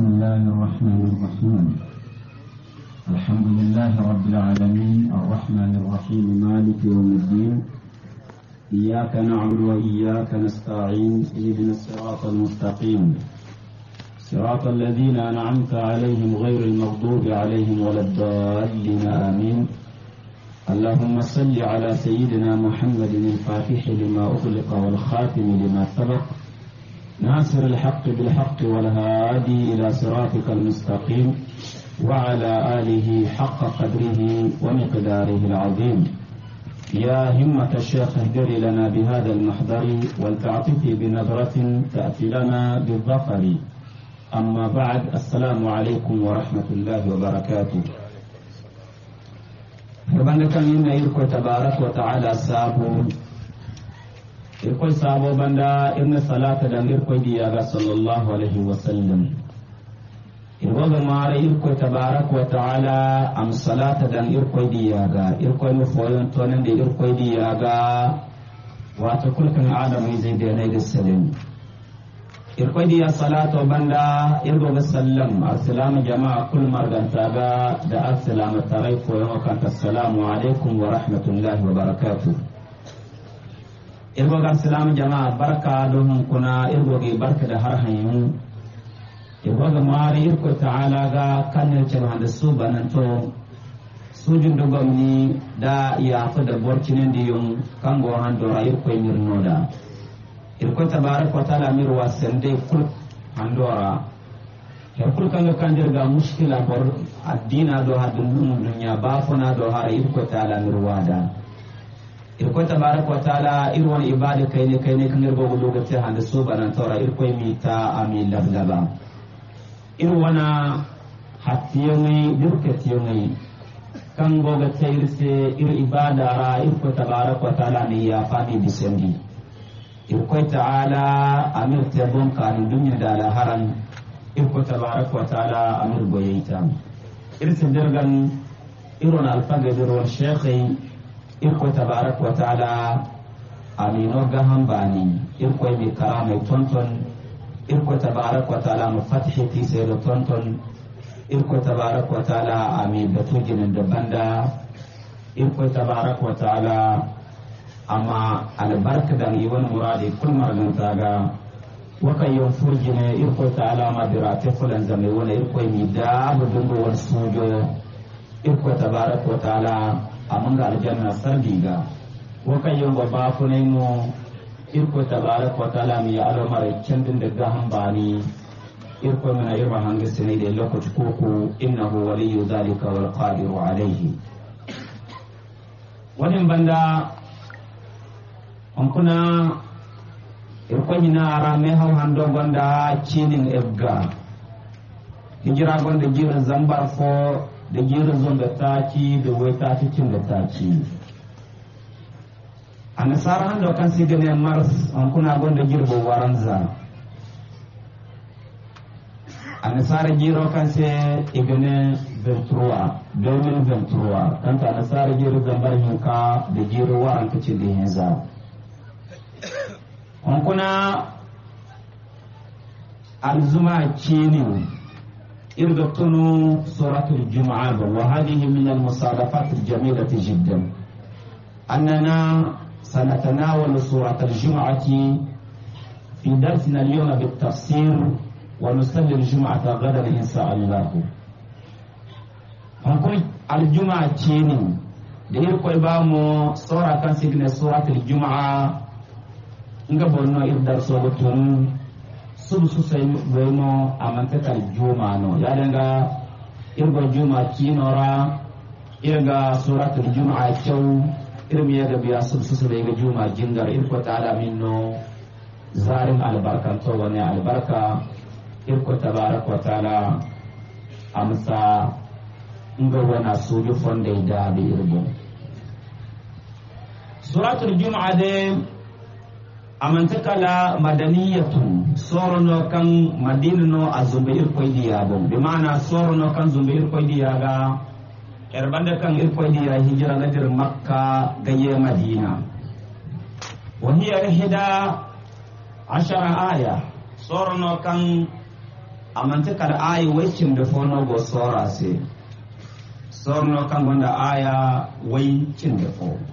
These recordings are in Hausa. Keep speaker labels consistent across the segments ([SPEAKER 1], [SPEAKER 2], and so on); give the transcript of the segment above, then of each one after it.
[SPEAKER 1] بسم الله الرحمن الرحيم الحمد لله رب العالمين الرحمن الرحيم مالك يوم الدين إياك نعبد وإياك نستعين اهدنا الصراط المستقيم صراط الذين أنعمت عليهم غير المغضوب عليهم ولا الضالين آمين اللهم صل على سيدنا محمد الفاتح لما أغلق والخاتم لما سبق ناصر الحق بالحق والهادي إلى صراطك المستقيم وعلى آله حق قدره ومقداره العظيم يا همة الشيخ اهدري لنا بهذا المحضر ولتعطف بنظرة تأتي لنا بالظفر أما بعد السلام عليكم ورحمة الله وبركاته ربنا كان يركو تبارك وتعالى سابون irkoy sabo banda irin salata dan irkoy diyaga sallallahu alaihi wa wasallam irgoga mara irkoy tabarak wa ta'ala am salata dan irkoy diyaga irkoy mu foyon tonen de irkoy diyaga wato kulkan adam e zai da ne da salim irkoy diya salata banda irgoga sallam assalamu jama'a kul margantaga da assalamu tarai foyon kan assalamu alaikum wa rahmatullahi wa barakatuh irgo ga silam jama'a barka don kuna irgo ga barka da har hanyu irgo ga mari irko ta'ala ga kanin cin da su banan to jin da gwamni da ya fi da ne da yun kan gohan dora irko mirno da irko tabaraka ta'ala mirwa sende kul ya kul kan ga kan da mushkila bor addina do hadun dunya ba fona do har irko ta'ala da. irkoy tabarak wa taala irin wani ibada kayne kayne kangir go go gate hande subanan tora irkoy mi ta ami lablaba irin wana hatiyoni burkatiyoni kan ta gate irse irin ibada ra irkoy tabarak ta la ne ya fami bisendi ta ala amir ta bon kan dunya dala haran irkoy tabarak ta la amir goyita irin dergan irin alfaga dirwar sheikhi iko tabaraka wa taala amino ga hambani iko mi karama tonton iko tabaraka wa taala mu fathi ti da tonton iko tabaraka wa taala ami da banda iko tabaraka wa taala amma albarka dan wani muradi kulmargantaga wakan yon ne iko taala ma birate fulan zamai wani iko mi daabu dungo wal sujo iko tabaraka wa taala amanga aljanna sardiga wo kayongo bafunaymo irko tabarak wa taala mi can mara da de gahambani irko mana irma hange sene de lokot kuku innahu waliyu zalika wal qadiru alayhi wannan banda kuna irko nyina ara me haw hando gonda cinin ebga hijira gonda jira zambar fo da zon da ke da wai ta takikin da ke a nasara hannu da kan gani gane mars an kuna gwanda girbo za a nasara gero kan se ventura domin ventura kan ta nasara gero zambar hinka da gero waran kacin da za an kuna alzuma ce ne يمدقن سورة الجمعة وهذه من المصادفات الجميلة جدا أننا سنتناول سورة الجمعة في درسنا اليوم بالتفسير ونصلي الجمعة غدا إن شاء الله هنقول الجمعة تشيني دير قيبامو سورة كان سورة الجمعة نقبل نو إبدال سورة subu susai wayno amanka kal juma no yadanga irgo juma kinora irga suratul juma cew irmi yaga biya subu susai ga juma jingar irko ta ta'ala minno zarin albarkanto wani albarka irko tabaraka la amsa nga wana suju fonde da bi irgo suratul juma de amantakala madaniyatu sorono kan no a diya koydiyabo bi mana sorono kan zubair koydiyaga da kan ir diya hijira na nadir makka gaye madina wa hiya hida ashara aya sorono kan amantakala aya fono go sora se sorono kan gonda aya wai da fono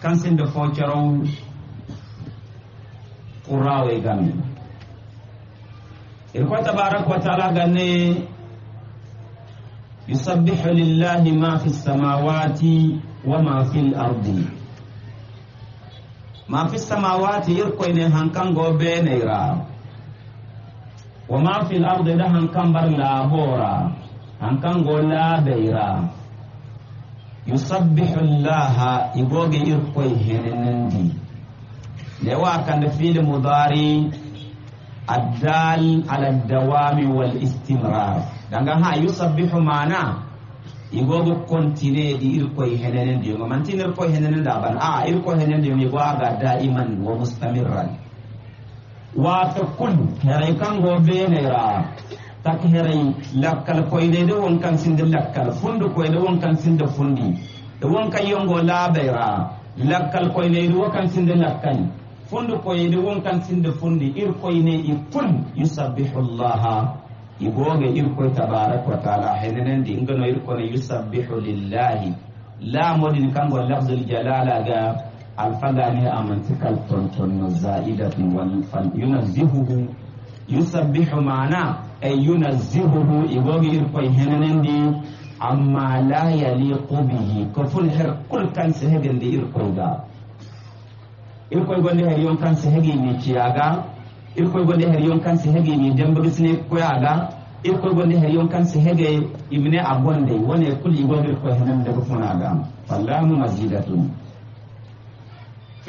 [SPEAKER 1] kan sende fo corow qurrawe gamme ir ko tabaraka wa taala ganne yusabbihu lillahi ma fi samawati wa ma fi l ardi ma fi samawati ne koyne hankango beneyra wa ma fi l ardi da hankan bar laabora hankango labaira. yusabbihu llaha igoge irkoy henenandi lewa kanda fiil mudari addal ala dawami wal istimrar danga ha yusabbihu mana igogo kontine di irkoy henenandi ngo mantin irkoy henenandi aban a irkoy henenandi mi gwaga daiman wa mustamirran wa ta kun herai kan gobe ne ra tak lakal lakkal de won kan sinde lakkal fundu koyde won kan sinde fundi de won kan yongo laabera lakal koyde won kan sinde lakkal fundu koyde won kan sinde fundi ir koyne i kul yusabbihullaha igoge ir koy tabarak wa taala henenen di ngano ir koy yusabbihu lillahi la modin kango lafzul jalala ga alfaga amantikal tonton no za'idatun wal fan yunazzihu yusabbihu ma'ana ayyuna zihuhu igogi hananen di amma la yaliqu bihi ko ful her kul kan sehegende irkwai ga irkoy gonde her yon kan sehegi ni ciyaga irkoy gonde her yon kan sehegi ni dembagisne koyaga irkwai gonde her yon kan sehege imne a gonde wone kul igogi irkoy henande ko funaga fallamu mazidatun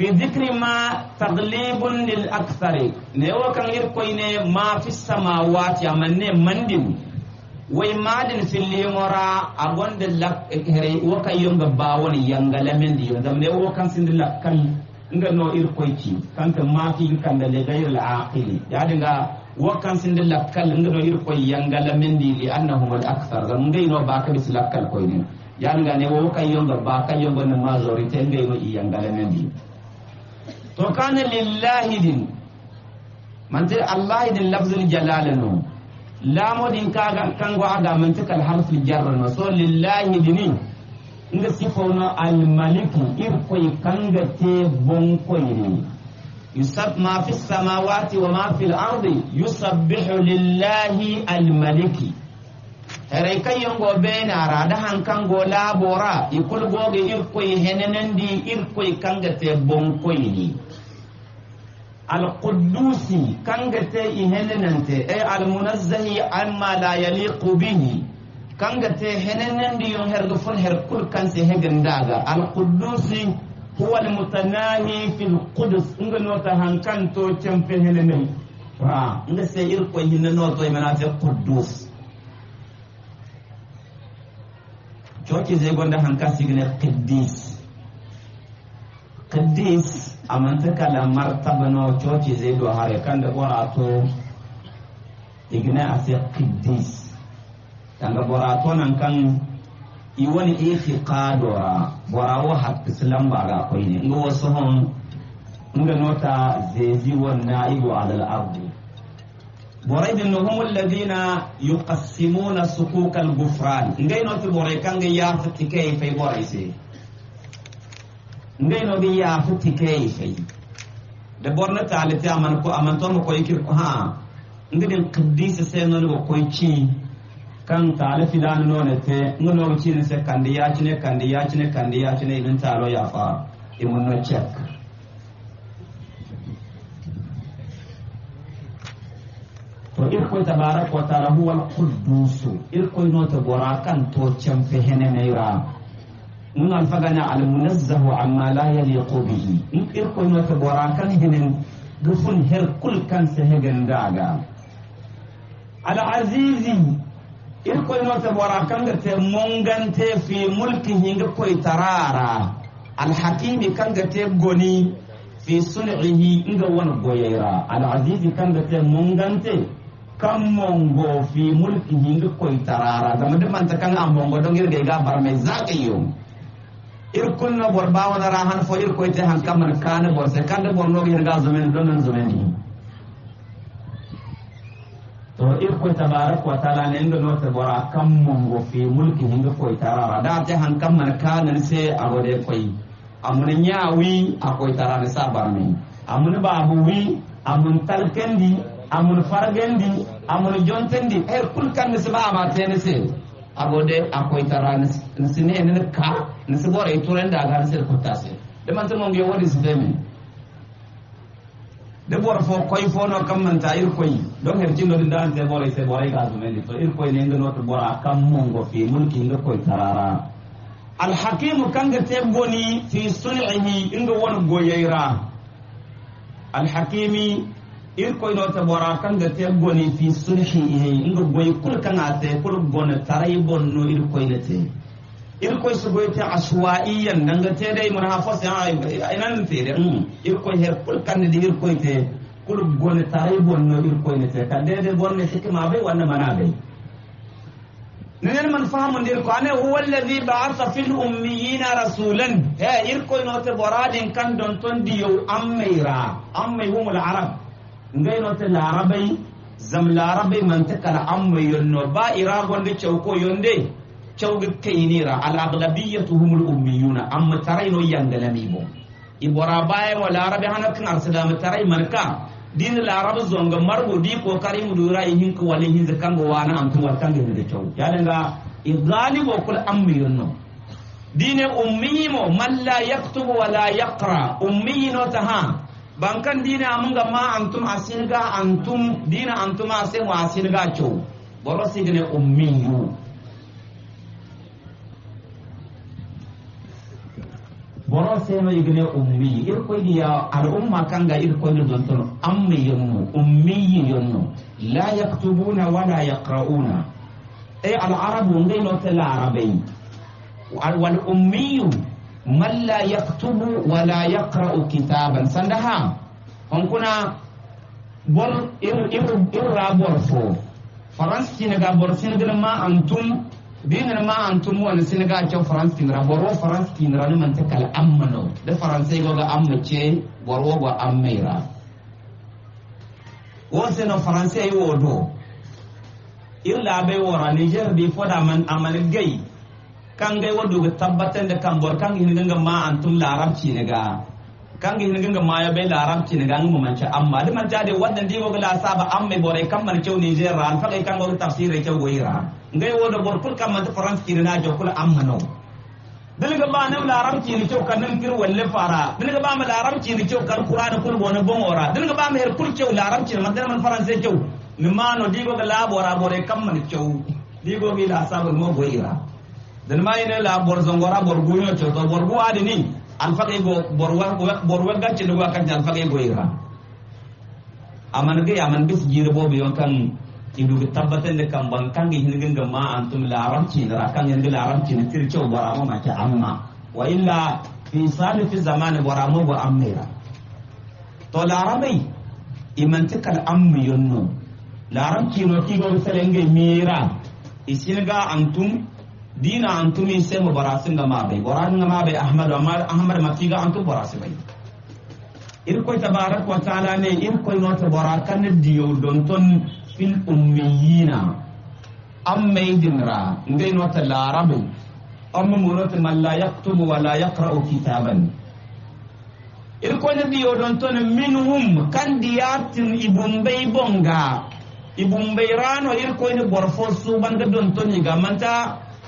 [SPEAKER 1] في ذكر ما تغليب للأكثر نيو يركوين ما في السماوات يمن مندو a gonda في الليمورا أبون دلك هري وكا يونغ باون ينغ لمن ديو دم نيو كان سندلك كان nga no ir koyti kanka mafi kan da ghayr al ya dinga wa kan sin lakkal nga no ir yanga min di li annahum al akthar dan ngai no ba ka bis lakkal koi ne ya dinga ne wo kan yonga ba kan na majority ngai no yanga di to kana lillahi din mantir allahi din lafzul jalalano lamo din kaga kango aga mantir kal harful jarrano so lillahi din inga sifono al maliki irkoy kanga te bonkoyri yusab ma fis samawati wa ma fil ardi yusabbihu lillahi al maliki herai kayango bena rada hankango labora ikul goge irkoy henenandi irkoy kangate bonkoyni alqudusi kangate te e almunazzahi amma la yaliqu bihi kangate di yon go fon her kul daga al qudusi huwa almutanahi fi alqudus ngonota hankanto cempe henenani wa ngase irkoy hinenoto imanate qudus coci zai gwanda hanka kaddis kaddis a mantaka da martaba no coci zai do hare kanda bora to a sai kaddis kan da borato nan kan i wani ifiqadora bora wo hak islam baga ne ga wasu hon nga nota zezi wanda igo adal abdi boraydin no humul ladina yuqassimuna sukukal gufran ngay no ti kan kanga ya fati kay fay boray se ngay no bi ya fati kay fay da borna talati aman ko aman ton ko yikir ko ha ngidin qidis se no ko koy ci kan talati dan no ne te ci ne se kandi ya ci ne kandi ya ci ne kandi ya ci ne idan ya fa no check irkoy tabarak wa taala huwa alqudusu irkoy nota bora kan to campe henenayra nun al munazzahu amma la yaliqu bihi il irkoy no bora kan hene gufun her kul kan il alazizi no nota bora kanga te mongante fi mulkihi nga koy tarara kan kanga te goni fi sun'ihi nga wani goyera alazizi kanga te mongante kan mongo fi mulki hinga koy tarara dama de man kan am ah, mongo don ngir ga gabar mai zaka yo ir kunna bor bawo na rahan fo ir koy te han kamar kana bor se kan bor no ngir ga zumen don nan zumen ni to ir koy tabarak wa taala ne ndo no te bora kam mongo fi mulki hinga koy tarara da te han kamar kana se agode koy amuna nyaawi akoy tarara sa ni mai amuna babu wi amun talkendi amun fargendi jonten di er eh, kulkan nisi ba amate nisi abode akoy tara nisi ne ne ka nisi bore ituren da ga nisi kutase de man tamongo yo wadi sidemi de bor fo koy fo no kam man ta ir koy donc her jindo din dan te bore se bore ga zumeli to ir koy ne ngano to bora kam mongo fi mulki ngo koy tarara al hakim kanga te boni fi sun'ihi ingo won goyira al hakimi irkoy do te bora kan ga te goni fi sulhi he inga goy kul kan ate kul gona taray bonno irkoy ne te irko su goy te aswaiyan nanga te dai mun ha fas ay inan te de mm. irko her kul kan de irkoy te kul gona taray bonno irkoy ne te kan de de bonne te ma bai wannan mana bai nenen man fahamu ndir ko ane huwa alladhi ba'atha fil ummiyina rasulan he irkoy no te bora din kan don ton diyo ammayra ammay humul arab ngay no te larabai zam larabai man ta kala amma yonno ba ira gonde cew ko yonde cew ga kaynira al aghlabiyatu humul ummiyuna amma tarayno yangalami bo ibora baye mo larabai hanakin arsalama tarai marka din larab zonga margo di ko karim dura ihin ko wali hin zakan go wana am tuwa kan gin da kyau ya danga igalibo kul ammi yonno dine ummi mo man la yaktubu wala la yaqra ummi no taha bankan dina munga ma antum asinga antum dina antum asin wa asinga cho boro sidne ummiyu boro seno igne ummi ir ko diya al umma kanga ir ko ni donton ammi yummu ummi yummu la yaktubuna wala yaqrauna eh, ay al arabu ngai no tala arabai wal ummiyu Malla ya yaktubu wala ya yaqra'u kitaban sanda ham on kuna bor ir ir ir rabor fo france tin ga bor sin ga ma antum bin ma antum wa sin ga ce france tin raboro france tin ran man ta kala amano da france go ga amma ce borwo go ammaira wo se no france ay wodo ir la be wora niger bi foda man amal gay kan gai wadu ga tabbatar da kan bor kan hin ganga ma antum larabci ne ga kan hin ganga ma ya bai larabci ne ga an mamanci amma da man jade wannan dai wogala saba an mai bore kan man kyau Niger ran fa kan wadu tafsiri kyau goyira ngai wadu bor kul kan man France kiri na jokul amma no dilga ba nan larabci ne kyau kan nan kir walle fara dilga ba mu larabci ne kyau kan qur'ani kul bona bon ora dilga ba mu her kul kyau larabci man dan man France kyau ni ma no digo ga labora bore kan man kyau digo mi la saba mo goyira dalma ina la bor zongora bor guyo to to bor bua de ni an faqe bo bor wa bor wa gacce no kan jan faqe bo ira aman ge aman bis jir bo be kan indu bi tabbatan da kan ban kan hin gin ma antum la aramci ra kan yan la chi ne tir cewa bara ma cha amma wa illa fi fi zamani bara ma bo amira to la arabai imantikal ammi yonno la chi no ti go selenge mira isin ga antum dina antumi semo barasinga mabe boraninga mabe ahmadu amar ahmad matiga antu bai ir irkoy tabarak wa taala ne irkoy noto borakane diyo don ton fil ummiyina am maydinra nde noto larabu amma murat man la yaktubu wa la yaqra'u kitaban irkoy ne diyo don ton minhum kan diyatin ibumbay bonga ibumbay rano irkoy ne borfo subanga don ton igamanta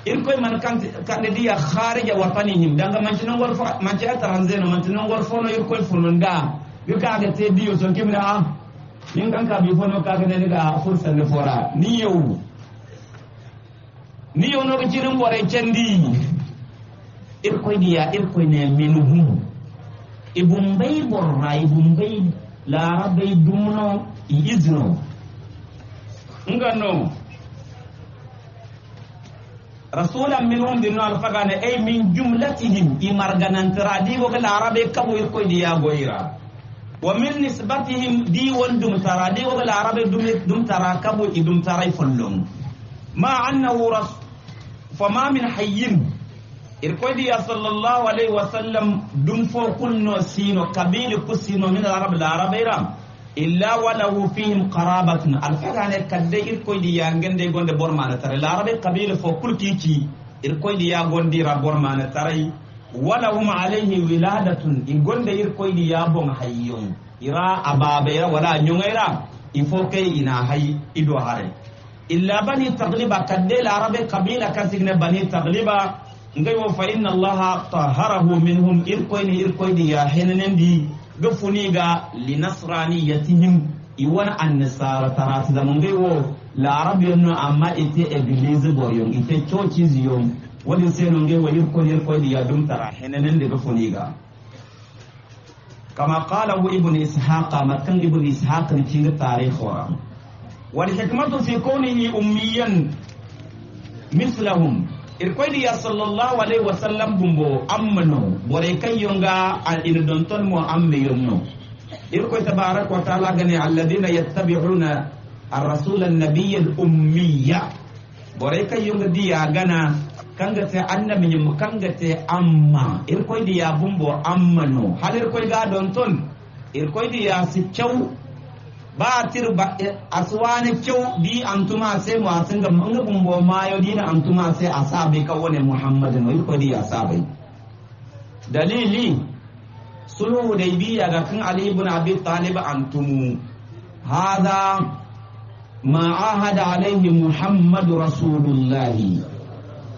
[SPEAKER 1] irkoy man kamɓe ɗiya haarija watanihim danga mancinongol fo manci ataranzeno mancinongol fono fono irkoy fulunda ka kaake te diyo son kimra a ah. yin kan ka bi fono ne kaake neniga fursanne fora ni yew ni yew noɓe cirin ɓore cendi irkoy ɗiya irkoy ne menuhum ibum bay ɓorra ibum bay laara bay dumno i nga nganno رسولا منهم دينو الفقان أي من جملتهم إمرغن انترادي وقال عربي كبو يكوي ديا غيرا ومن نسبتهم دي وندم ترى دي وقال عربي دم دم ترى كبو دم ترى يفلون ما أنه رس فما من حيين إركوي ديا صلى الله عليه وسلم دم فوق كل سينو كبير كسينو من العرب العرب رام illa walahu fihim qarabatun alfagane kadde irkoyɗi ya gende gonde bormana la rabbi kabila fo kulkiki di ya ra bormana taray walahum alayhi wiladatun i gonde irkoyɗi ya bon hayyun ira ya wala nyungaira il ke ina hay ido hare illa bani tagliba kadde larabe kabila kan signe bani tagliba ngay wo fa inna allaha taharahu minhum irkoyni di ya di gafuniga linasraniyatihim iwan annasara da zamangai wo larab yonno amma ite église boyon ite churches yon wadin sai ngai wani konir koydi ya dum tara da de gafuniga kama qalahu ibnu ishaqa matkan ibnu ishaqa cinga tarikh wa fi kunihi ummiyan mithlahum irkoyni ya sallallahu alaihi wa sallam bumbo ammano bore yonga al don mo amme yonno irkwai tabarak wa taala gani alladina yattabi'una ar-rasul an-nabiy al-ummiyya bore kayonga diya gana kanga te annabi nyum kanga te amma irkoy diya bumbo ammanu hal irkwai ga donton ton irkoy diya si chaw batir eh, aswana kyau di antuma sai mu asin ga manga bumbo mayo di na antuma sai asabe ka wone muhammadin wai ko a asabe dalili sulhu hudaybiya ga kan ali ibn abi talib antumu hada ma ahada alaihi muhammad rasulullah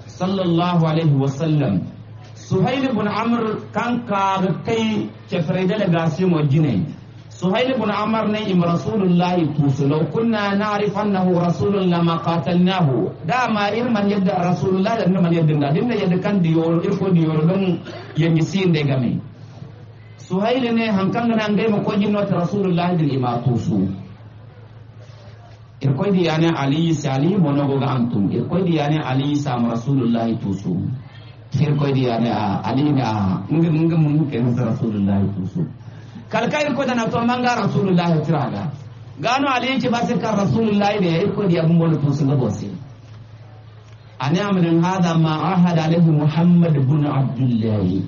[SPEAKER 1] sallallahu alaihi wasallam suhail ibn amr kan ka kai kefre delegation wa jinai suhail ibn amr ne im rasulullahi kusulau kunna na'rif annahu rasulun lama qatalnahu dama irman yadda rasulullahi da man yadda da dinna yadda kan diyor irko diyor don yemi sin de game suhail ne hankan nan ngai ma koji not rasulullahi din ima kusu irko di yana ali sali monogo ga antum irko di yana ali sam rasulullahi tusu irko di yana ah, ali ga ngam mun ke rasulullahi tusu kalka irko dana to manga rasulullahi tiraga gano ali ci basi kan rasulullahi be irko dia bungol to sunga sai ani amrin hada ma ahada alayhi muhammad ibn abdullah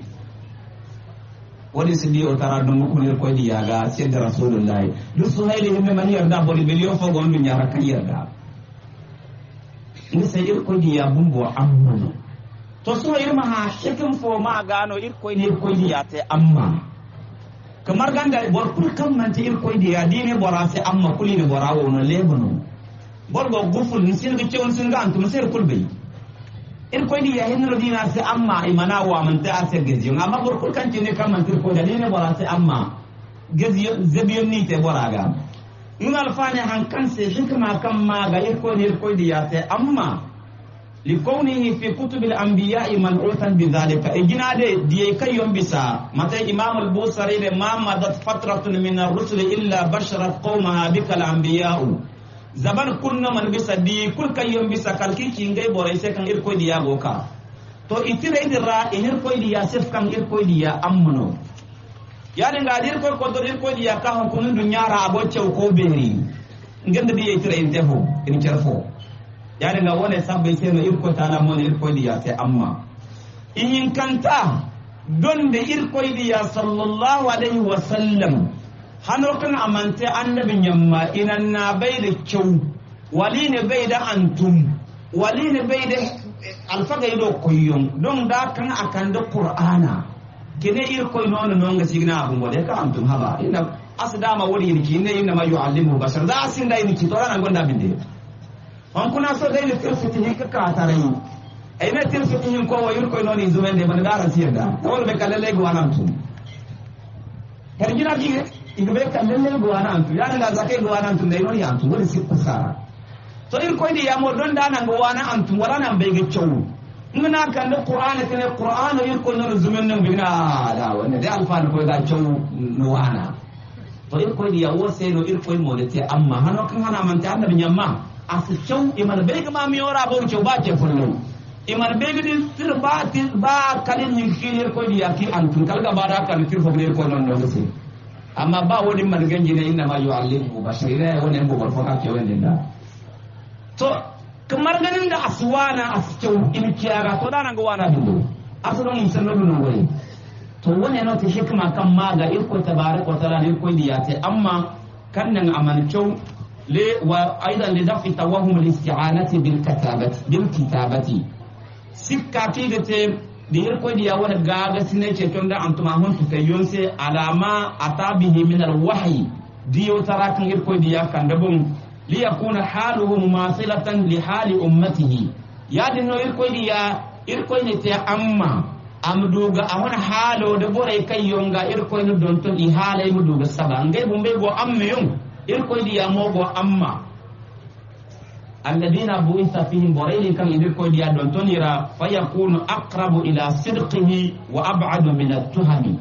[SPEAKER 1] Wani sidi o tara dum ko irko ya ga da rasulullahi su suhaili himme mani yarda bodi biliyo fo gondu nyara kan yarda ni sai irko dia bumbo amma to so irma ha shekin fo ma gano irko ne irko ya ta amma kamar ganda bor kul kam man ti irko di ya dine bora se amma kuli ne bora wo no lebono bor go guful ni sin gice on sin ga antum ser kul bai irko di ya hinro dina se amma imana wa man ta ase gezi amma bor kul kan ti ne kam man ti irko da dine bora se amma gezi zabi ni te bora ga nuna alfani han kan se ma kam ma ga irko ni irko di ya se amma لكونه في كتب الأنبياء ملعوثا بذلك إجنا دي دي كي يوم متى إمام البوصري ما مضت فترة من الرسل إلا بشر قومها بك الأنبياء زبان كنا من بسا دي كل كي يوم بسا كالكي كينجي بوريسي كان إركوي دي بوكا تو إتيري دي را إركوي دي سيف كان إركوي دي يأمنو يعني غادي إركوي كودر إركوي دي يكاهم كنون دنيا را أبوتشو كوبيري نجند دي إتيري إنتهو إنتهو yaringa irko ta seno irkotana irko diya sai amma in kanta irko diya Sallallahu alaihi wa sallam hano kan amante annabin yamma kyau wali ne bai da antum da alfaga alfagayɗo koyon don da kan da qur'ana kene irkoy na nonga signa abun waɗe ka antum haba ina asdama wuri ini ki inne innama yuallimuhu bashar da asinda ini kitora torana gonda min hon kuna so dai kaka a ka yi a yi na tir fitihin kowa wayur ko noni zumen de man gara siyar da tawol be kallale go anan tu her gina bai iga be kallale go Ya tu yana ga zakai go anan da yi noni antu wani sikku sara to ir ko ya yamo don da nan go anan antu wala nan bai ga cewu ngana kan da qur'ana tene qur'ana ir ko noni zumen nan bina da wani dai alfanu ko ga cewu nuwana. ana to ir da di sai no ir ko mo te amma hano kan hana man ta yamma nyamma asicon imar beg ma mi ora bo ke ba ke fullo imar beg din sir ba tin ba kalin hin kilir ko diya yaki an tun kalga ba da kan tir fo ne ko non do se amma ba wani man ganji ne inna ma yu'allimu basira wani bo bar foka ke wani da to kamar ganin da aswana asicon in kiyaga to da nan ga wana dubo asron mun san nan wani to wani no ta kama kan ma ga irko tabaraka wa ta'ala ko diya te amma kan nan amancew وأيضا لدفع توهم الاستعانة بالكتابة بالكتابة سكا تيجتي da yarko da yawon gaga sun ce tun da an tuma hun tutayyon sai alama a tabihi min alwahyi diyo tarakan yarko da ya kan dabun li yakuna haluhum masilatan li hali ummatihi ya dinno yarko da ya am duga a halo da bore kai yonga irko ne don tun i halai mu duga saba bumbe go amma yong diya mo mogo amma alladina buisa fihim boreyɗin kam idirkoyɗi ya ɗon tonira fa yakunu aqrabu ila sidqihi wa abadu min atuhami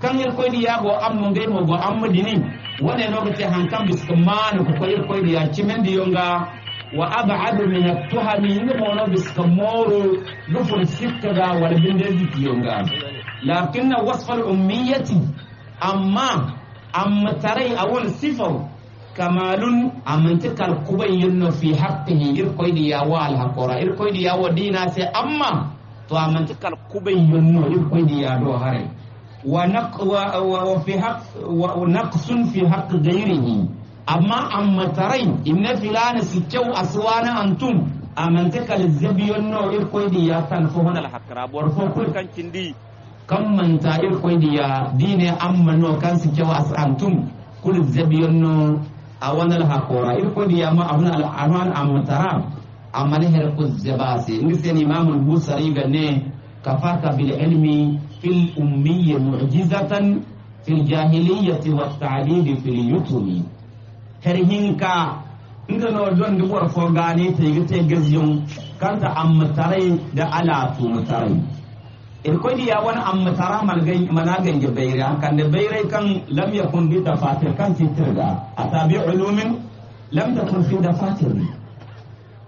[SPEAKER 1] kan irkoyɗi yago amma ngey mogo amma no te han kam bisko mano diya irkoyɗi ya yonga wa abadu min atuhami ngomono bisko moro wal binde di yonga lakinna wasfal ummiyati amma amma tarai a wani kamalun amintikar kuban yunno fi haqqihi irkoydi yawo alhakora irkoydi yawo dina se amma to aminti kalkuban yunno irkoydi yaɗo hare wa naqsun fi haqq ghayrihi amma amma tarain inna filana sikkew aswana antum amintikar kal zabiyonno irkoydi ya tan fo honal hakkara bor fo ko kan cindi kam manta irkoydi ya dine amma no kan sikkew asantum kul zabiyonno awana la hakora il ko di amma amna al aman amtara amale her ko zabasi ni sen imam al busari ganne kafaka bil ilmi fil ummi mu'jizatan fil jahiliyyati wat ta'lil fil yutumi her hinka ngano don di bor fo gani te gete gaziyum kanta amtare da ala tu mutare irkodi ya wani amma tara malgai managan ya bayra kan da bayra kan lam yakun bi dafatir kan titir da atabi ulumin lam takun fi dafatir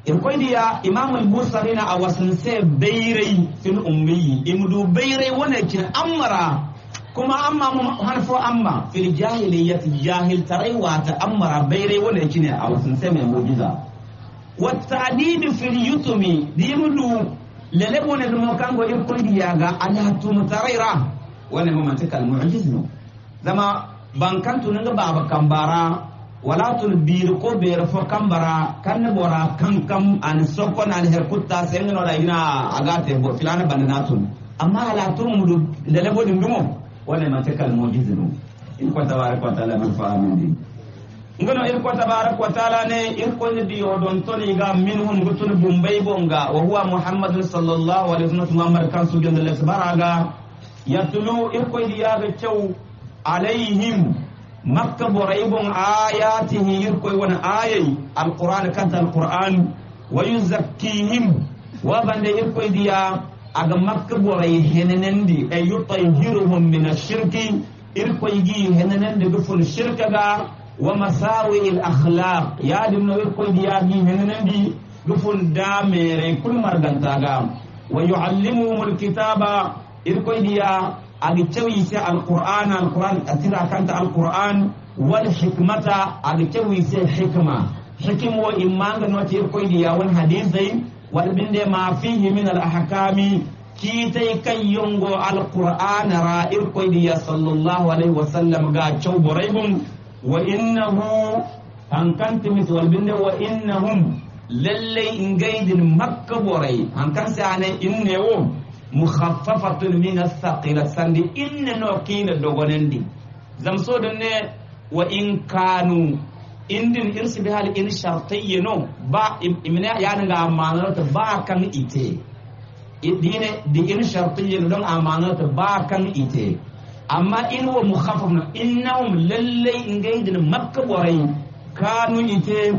[SPEAKER 1] irkodi ya imam al busari na awasin sai bayra fil ummi imdu bayra wani kin amara kuma amma mu hanfo amma fil jahiliyyah jahil tarai wa ta amara bayra wani kin awasin sai mai mujiza wa tadidu fil yutumi dimdu lele bone ɗum o kanko en kondiyaga ala tumtarira wone mo manti kal mujisno zama bankantu nanga baba kambara wala tun biir ko beer fo kambara kanne bora kankam an sokon an her kutta sengno da ina agate bo filana bandana tun amma ala tun mudu lele bone ɗum o wone manti kal mujisno in ko tawari ko tala man fa amin ngono irko tabarak wa taala ne irko ni di odon toni ga minhum gutul bumbay bonga wa huwa muhammadun sallallahu alaihi wasallam muhammad kan su ganda les baraga yatlu irko di ya ga cew alaihim makka boraybon ayatihi irko won ayai alquran kan alquran wa yuzakkihim wa bande irko di ya aga makka boray henenendi e yutahiruhum min ashirki irko gi henenendi guful shirka ga wa masawi il akhlaq ya dum no ko diya gi bi da mere kul marganta ga wa yuallimuhum al kitaba ir ko diya agi cewi se al qur'an al qur'an atira kanta al qur'an wal hikmata agi cewi se hikma hikim wo imanga no tir ko diya wal hadisai wal binde ma fihi min al ahkami kitai kan yongo al ra ir ko diya sallallahu alaihi wasallam ga kyau boraybun wa innahu an kanti mis wal binne wa innahum lallai in gaidin makka borai an kan sa ne inne wo mukhaffafatun min as-saqilat sandi dogonandi don ne wa in kanu indin irsi bi hal in shartiyya no ba ya ga amanata ba kan ite di in don ba kan ite amma in wa mukhaffafna innahum lallai in gaidin makka kwarai kanu ite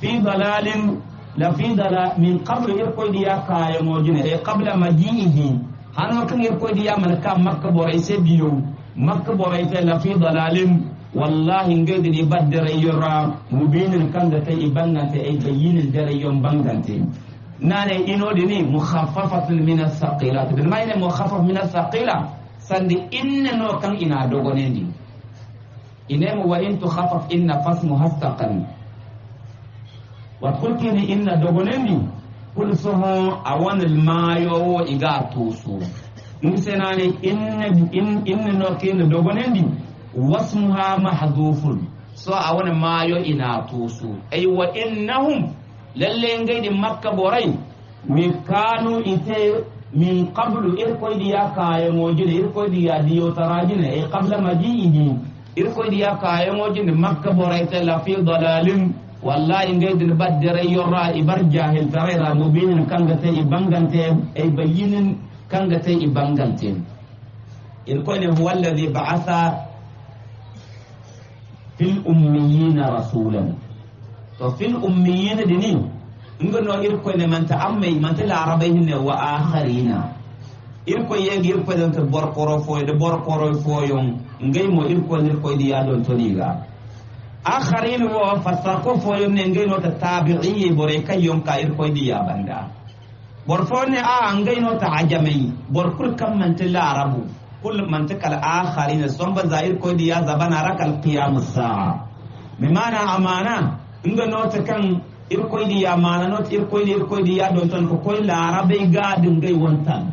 [SPEAKER 1] fi dalalin la fi dala min qabl irkoidi ya kaya mojine e qabla ma ji majiihi hano kan irkoidi ya ka makka borai sai biyo makka borai ta la fi dalalin wallahi in gaidin ibaddare yura mubinin kan da ta ibannata e bayyinin dare yon bangante nane inodi ni mukhaffafatun min as-saqilat bil ma'ana mukhaffaf min as-saqilat sandi inna no kan ina dogonendi mu wa in khafaf inna muhassaqan wa wat ni inna dogonendi kul soho awanal mayowo iga tusu musenani inna in inna no ne ni wasmuha mahdhufun so awan mayo ina tusu ay wa innahum lalle ngaidi makka borai mi kanu ite min qablu di ya mo jini di kayeŋojine irkoydiya diyotarajine e qabla ma di ya majiihi irkoydiya kayeŋojine makka borayte la fi dalalin wallahi ngeydin baddere yorra i e bar jahil tarera mubinin kangate i e bangante e bayinin kangate i e bangante irkoyne huwa alladi baasa fi lummiyina rasulan to fi lummiyina dinin ngono irko ne manta amme manta larabai ne wa akharina irko ye irko don to bor koro fo de bor koro fo yon ngay mo irko ne ko ya yadon to liga akharin wo fasako fo yon ne ngay no ta tabi'i bore kay yon ka irko di yabanda bor fo ne a ngay no ta ajamai bor kul kam manta larabu kul manta kal akharina somba zair ko di ya zabana rakal qiyamus sa'a bimana amana inga nota kan irkoyɗi ya mananot irkoyɗi irkoyɗi ya ɗo ton ko koye larabay gadin gay wontan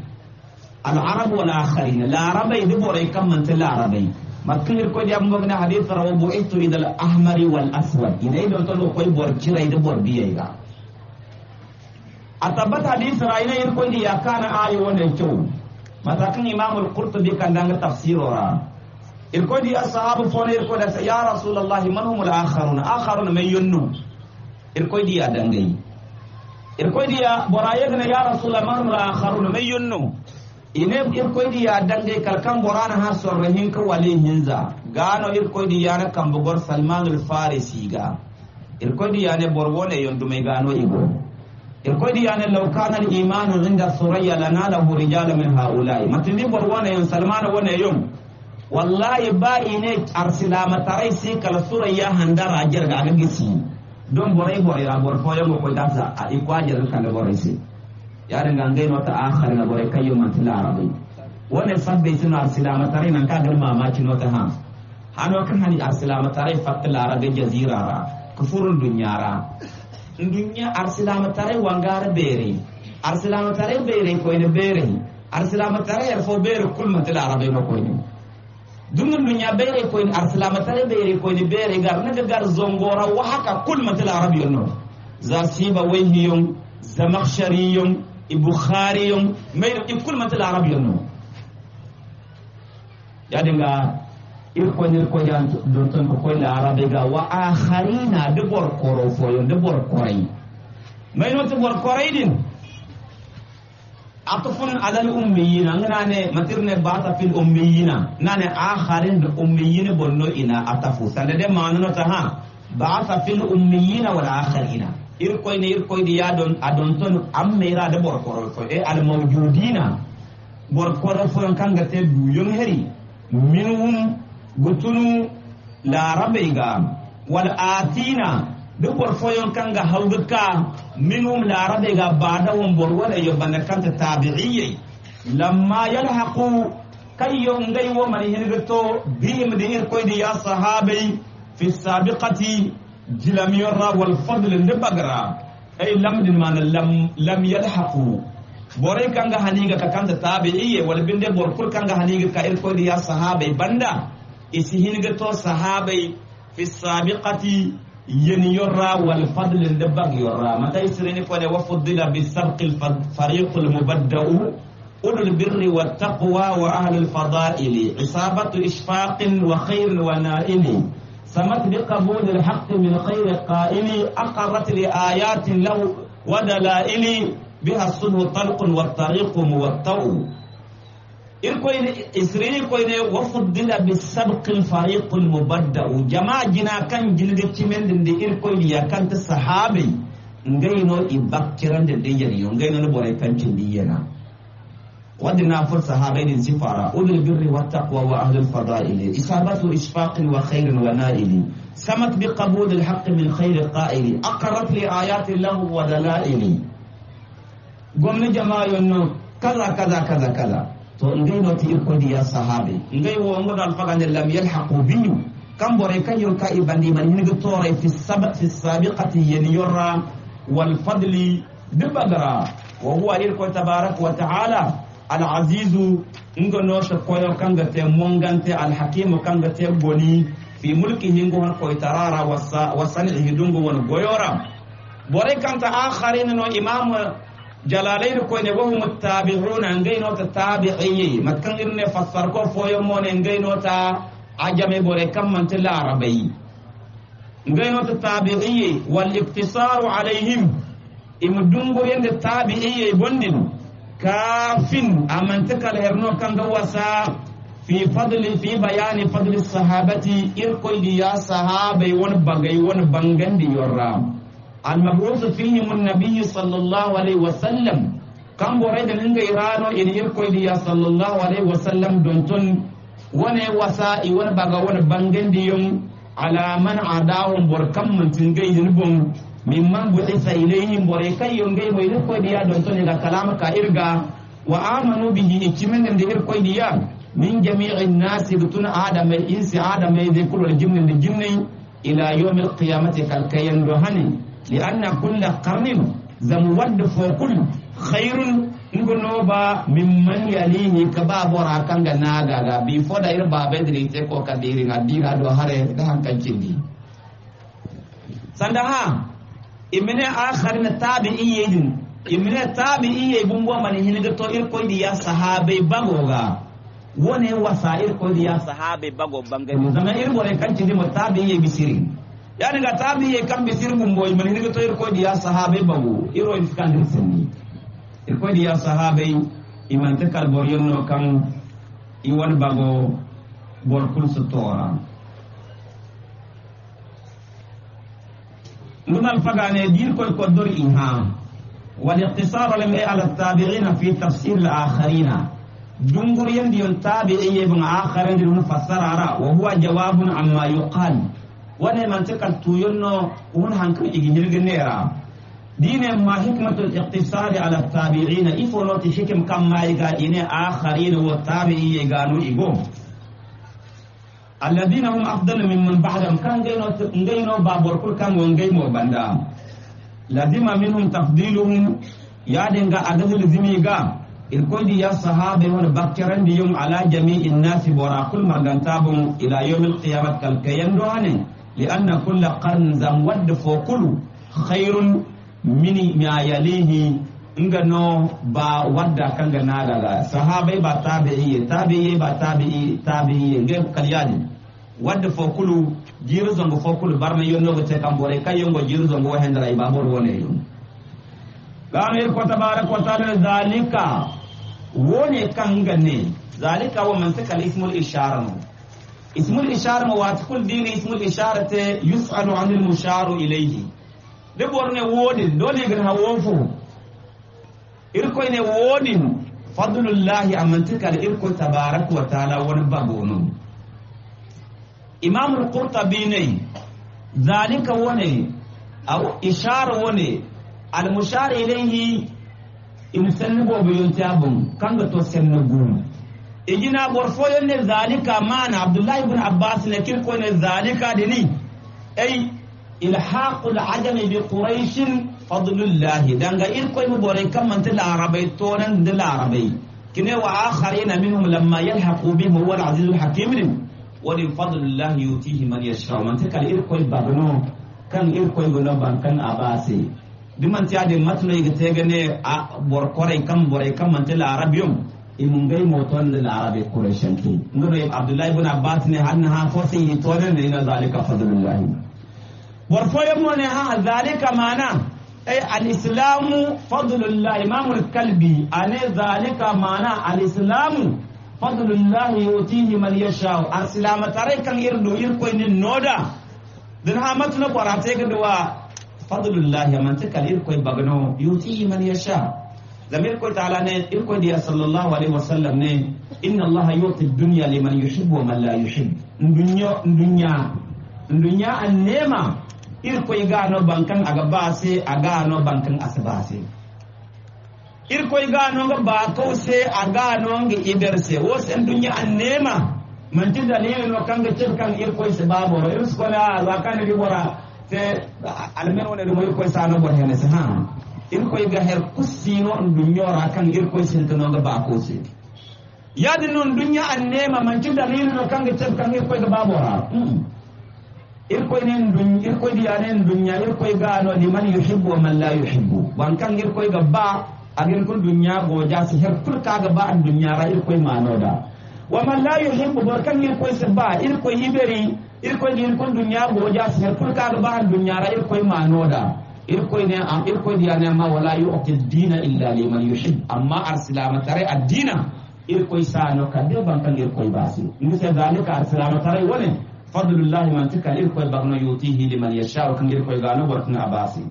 [SPEAKER 1] al arabe wal akharina larabay de ɓoray kammante larabay makkin irkoyɗi yamgogna hadith rawa buitu ida l ahmari wal aswad inay donton ko koye bor ciray de bor biyeyga a tabbat hadith ra ina irkoyɗi ya kana ayi wonen cow matakin imamul qurtubi kandanga tafsir ora irkoyɗi ashabu fone irkoyɗa ya rasulallahi man humul akharuna akharuna may yonnu irkoydi dangai dangayi irkoydiya bora yegne ya rasula marra haruna mai yunno ine irkoydi ya dangay kalkan borana har sorra hinka wale hinza gano irkoydi yana kambo gor salmanul farisi ga irkoydi yana borwone yondumay gano igo irkoyɗi ne law imanin al imanu inda suraya lanalahu rijala min haulai matindi bor wona yon salman wane yon wallahi ba ine arsilama taray sai kala suraya handara jerga aga gisi don borai borai a bor foyo go da dasa a ikwaje kan da borai se yarin gangai wata akhar na borai kayo man tila arabi wannan sabbe suna silama tare nan ka gar mamaki wata ha hano kan hani asilama tare fatil arabi jazira ra kufurun dunyara dunya arsilama tare wangara bere arsilama tare bere ko ne bere arsilama tare ya fo bere kul man na arabi ko ne dungul dunya bere ko en arsalama tare bere ko ni bere gar naga gar zongora wa haka kul matal arabiyun no za siba wayhiyum zamakhshariyum ibukhariyum mayr kul matal arabiyun no ya dinga ko ni ko jan don ton ko la arabe ga wa akharina de bor koro fo yon de bor korai mayno to bor korai din atufun alal ummiyina ngane matirne bata fil ummiyina nane n'a da ummiyina bonno ina atafu sande de manno ta da ba'atha fil ummiyina wal akharina irkoy ne irkoy di yadon adon ton ammira de bor korol ko e al mawjudina bor korol fo kan ga te du yon heri minhum gutunu la rabaiga wal atina دوبر فويون كان غا هلغكا منهم لا ربي غا بادا وون بور ولا يوبن كان تابعيي لما يلحقوا كي يوم داي و مري هنغتو بهم دير كوي دي يا صحابي في السابقه جلم يرى والفضل لبغرا اي لم دي مان لم لم يلحقوا بوري كان غا هنيغا كان تابعيي ولا بين دي بور كل كان غا هنيغا كاير كوي دي يا صحابي بندا اسي هنغتو صحابي في السابقه ين يرى والفضل الدبق يرى متى تيسرني فلا وفضل بالسبق الفريق المبدأ أولو البر والتقوى وأهل الفضائل عصابة إشفاق وخير ونائل سمت بقبول الحق من خير قائل أقرت لآيات له ودلائل بها الصدو طلق والطريق موطأ irkoyne isrini koyne wa fuddila bi sabqi alfariq almubadda'u jama'a jina kan jilgacci men din de irkoyne ya kan ta sahabi ngayno i ibakiran de de yari yo ngayno no boray kan cin diyana wadina fur sahabai din sifara ulul birri wat taqwa wa ahli alfadail isabatu ishfaq wa khair wa nail samat bi qabul alhaq min khair qa'il aqrat li ayati allah wa dalail gomna jama'a yonno kaza kaza kaza kaza to ngai noti irkodi ya sahabe ngai wo ngodo alfagande lam yalhaqu biyu kam bore kañol ka i bandi man hinga toore fi fi sabiqati yen yorra wal fadli bi badra wa huwa alir ko tabaraka wa taala al azizu nga noota koyo kanga te mongante al hakimu kanga te boni fi mulki hingo hon koy tarara wa sanihi dungo won goyora bore kanta akharina no imam jalalayn koyne wohum tabiuna ngaynota tabiiyi matkan irne fassar ko foyomone Gainota ajame bore kammante larabayi ngaynota tabiiye wal iktisaru alayhim yadda dungoyende tabiiye bondin kafin amantekal herno kanga wasa fi fadli fi bayani fadli sahabati irkoydi ya sahabai wani bagay won bangandi المبعوث فيهم النبي صلى الله عليه وسلم كم بريد لنجا إيرانو إن يركو ديا صلى الله عليه وسلم دونتون wane wasa iwar baga wani bangan diyom alaman adawon borkan mutum gai zirbin mimman buɗe sa ilayhin bore kai yon gai mai irkoi diya don to ne kalama ka irga wa amanu bihi ikimin da irkoi diya min jami'in nasi rutun adamai insi adamai zai kulwar jimnin da jimnin ila yomil qiyamati kalkayen dohani لأن كل قرن زمود فوكل خير nguno ba mimman yalihi ka ba bora kan ga na gaga bi fo da ir ba bedri te ko ka na dira do hare da hankan kindi sanda ha imine akhar na tabi'i yidin imine tabi'i yidin go man hin ga to ir ko di ya sahabe bagoga wone wasa ir ko di ya sahabe bago bangai mu zama ir bore kan kindi mu tabi'i yidin yani ga tabi e kambe sirgum boy man hirgo to irko diya sahabe babu iro ifkan sinni irko diya sahabe iman ta kal bor yonno kan iwan bago bor kul sutora nunal fagane dir koy ko dor inha wal iqtisar lam ala at-tabi'in fi tafsir al-akharin dungur yandi yon tabi'i ibn akharin dun fassara wa huwa jawabun amma yuqal وانا وني منطقة تويونو ومن هنكر إيجي هلغنيرا دينا ما حكمة الاقتصاد على التابعين إفولوت حكم كم ما إيجا آخرين والتابعين إيجانو إيجو الذين هم أفضل من من بعدهم كان جينو تنجينو بابور كل كان ونجيمو بندا لازم منهم تفضيلهم يا دينغا أدل زميغا الكل دي يا صحابة هون بكرن ديوم على جميع الناس برا كل ما جنتابهم إلى يوم القيامة كالكيان دواني li'anna kulla kanzan wadda fokulu khairun mini ma yalihi inga no ba wadda kan ga nagala sahabai ba tabi'i tabi'i ba tabi'i tabi'i ngai kalyani wadda fokulu jiru zongo fokulu barma yonno go te kambore kay yongo jiru zongo wa hendra iba bor wone yum gano ir kota bare kota le zalika wone kangane zalika wa man sakal ismul isharanu اسم الإشارة مواتق الدين اسم الإشارة يسأل عن المشار إليه دبورني وودن دولي غن هوفو إركويني وودن فضل الله تكال الإركو تبارك وتعالى ونبغونو إمام القرطبيني ذلك وني أو إشارة وني المشار إليه إمسنبو بيونتابون كانت تسنبون igina borfo ne zalika mana abdullahi ibn abbas ne kin ko ne zalika dini ay ilhaqul ajami bi quraish fadlullahi danga ir ko mu bore kam man til arabai to nan dil arabai kine wa akharin minhum lamma yalhaqu bihim huwa al-aziz al-hakim wa li fadlullah yutihi man yasha man tikal ir ko kan ir ko gono ban kan abase diman tiade matno yigete gane bor kore kam bore kam man til arabiyum imungai moton da larabe kurashen tu ngure abdullahi bin abbas ne hanna ha fosin yi tonen ne na zalika fadlullah war foye mo ne ha zalika mana ay al islamu fadlullah imam al kalbi ane zalika mana al islamu fadlullah yutihi man yasha al islamu tare kan irdo irko ne noda dan ha matna qarate ga dawa fadlullah man ta takal irko bagano yutihi man yasha zamir ko ta'ala ne il ko diya sallallahu alaihi wasallam ne inna allaha yuti dunya liman yuhibbu wa man la yuhib dunya dunya dunya an nema il ko ga no bankan aga base aga no bankan asbase il ko ga no ga ba ko se aga no ga iberse wo sen dunya an nema man ti da ne no kan ga cin kan ko se babo il ko la wa kan bi bora te almen wona do mo ko sa no bo hene sa ha irkoy ga her kusino on dunyora kan irkoy sentano ga bako ya de non dunya an nema ci dalil no kan gicem kan irkoy ga babora hmm. irkoy nen dun irkoy diya nen dunya irkoy ga no di man yuhibbu wa man la yuhibbu wan kan irkoy ga ba agin du dunya go ja ci her kul ka ga ba an dunya ra no manoda wa man la yuhibbu bor kan irkoy se ba irkoy hiberi irkoy din kun dunya go ja ci her kul ka ga ba an dunya ra no manoda irkoyne am irkoyndiyane amma wala yu'ti dina illa liman yuhib amma arsilama tare addina irkoy sano kadde bankan irkoi basi mise zalika arsilama tare wone fadlullahi man tika irkoy bagno yutihi liman yashau kan irkoy gano wartina abasi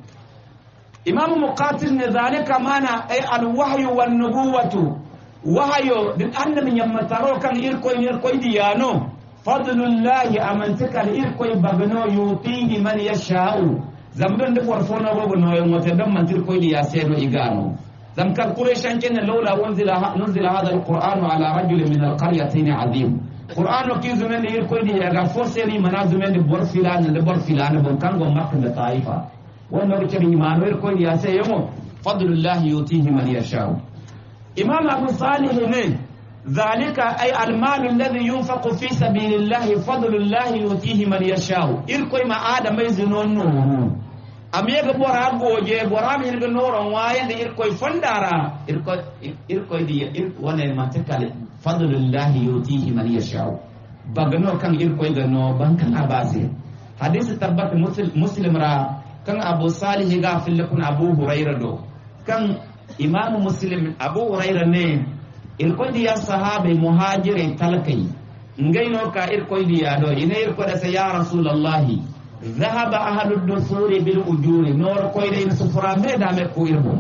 [SPEAKER 1] imam muqatil ne zalika mana ay alwahyu wan nubuwatu wahayo din annabi yamma taro kan irkoy irkoy diyano fadlullahi amantika irkoy bagno yutihi man yashau zamben de for fona bobo no en wote dam mantir ko ya seno igano zam kal quraishan ken laula unzila nuzila hada alquran ala rajul min alqaryatin azim qur'an ki zumen de yir ko di ya for seni mana zumen de bor filan de bor filan bon kango makka de taifa won no ke iman wer ko ya se yemo fadlullah yutihi man yasha imam abu salih ne ذلك أي المال الذي ينفق في سبيل الله فضل الله يؤتيه من يشاء إلكم ما آدم يزنون نوره amiye ga bora goje bora mi ga noron waye da irkoy fandara irkoy irkoy di ir wannan ma takale fadlullahi yutihi man yasha bagano kan irkoy ga no bankan abase hadisi tabbata muslim ra kan abu salih ga filakun abu huraira do kan imamu muslim abu huraira ne irkoy di sahabe muhajirin talakai ngai no ka irkoy di ado ina irkoy da sa ya rasulullahi ذهب أهل الدثور بالأجور نور كوينين سفرا ميدا مكويربو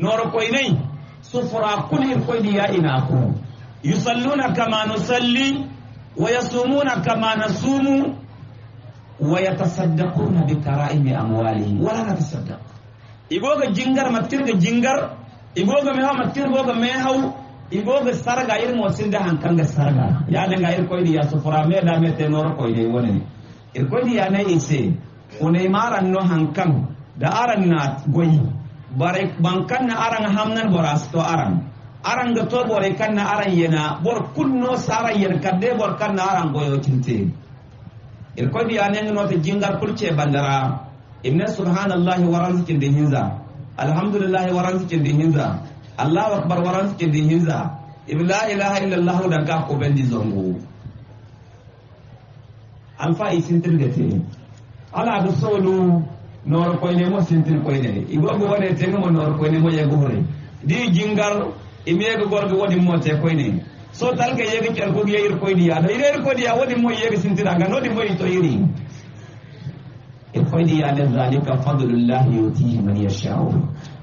[SPEAKER 1] نور كوينين سفرا كل كويني يا إناكو يصلون كما نصلي ويصومون كما نصوم ويتصدقون بكرائم أموالهم ولا نتصدق إبوغ جنجر مترغ جنجر إبوغ ميهو مترغ بوغ ميهو igoga sarga ir mo sinda han kanga sarga ya danga ir koydi ya sufura me da me tenor koyde wonani irgodi ya na ise unai maran no hankan da aran na goyi bare bankan na aran hamnan boras to aran aran ga to bore kan na aran yana bor kunno sara yer kadde bor kan na aran goyo tinte irgodi ya ne no ta jingar kulce bandara inna subhanallahi wa razqin da hinza alhamdulillahi wa razqin da hinza allahu akbar wa razqin da hinza ila ilaha illallah da ka ko bendi zongo alfa sintirgete ala ga solu nor koyne mo sintir koyne i gogo wade tenga mo nor koyne mo yego hore di jingar i mego gorgo wadi mo te koyne so talga yega cer ko yeyir koydi ya da yeyir koydi ya wadi mo yega sintira ga nodi mo to yiri e ya da zalika fadlullah yutihi man yasha'u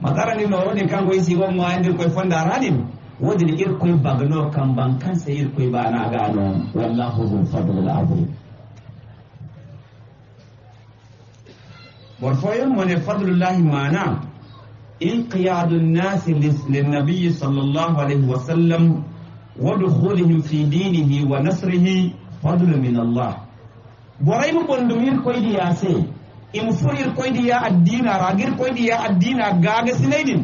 [SPEAKER 1] matara ni noro ni kango isi go mo andir koy fonda radin wadi ir koy bagno kan ban kan sayir koy bana ga no wallahu zul fadlul azim والفويم من فضل الله معنا انقياد الناس للنبي صلى الله عليه وسلم ودخولهم في دينه ونصره فضل من الله وريم بندمير كويدي ياسي إمفورير كويدي يا الدين راجر كويدي يا الدين غاغ سنيدين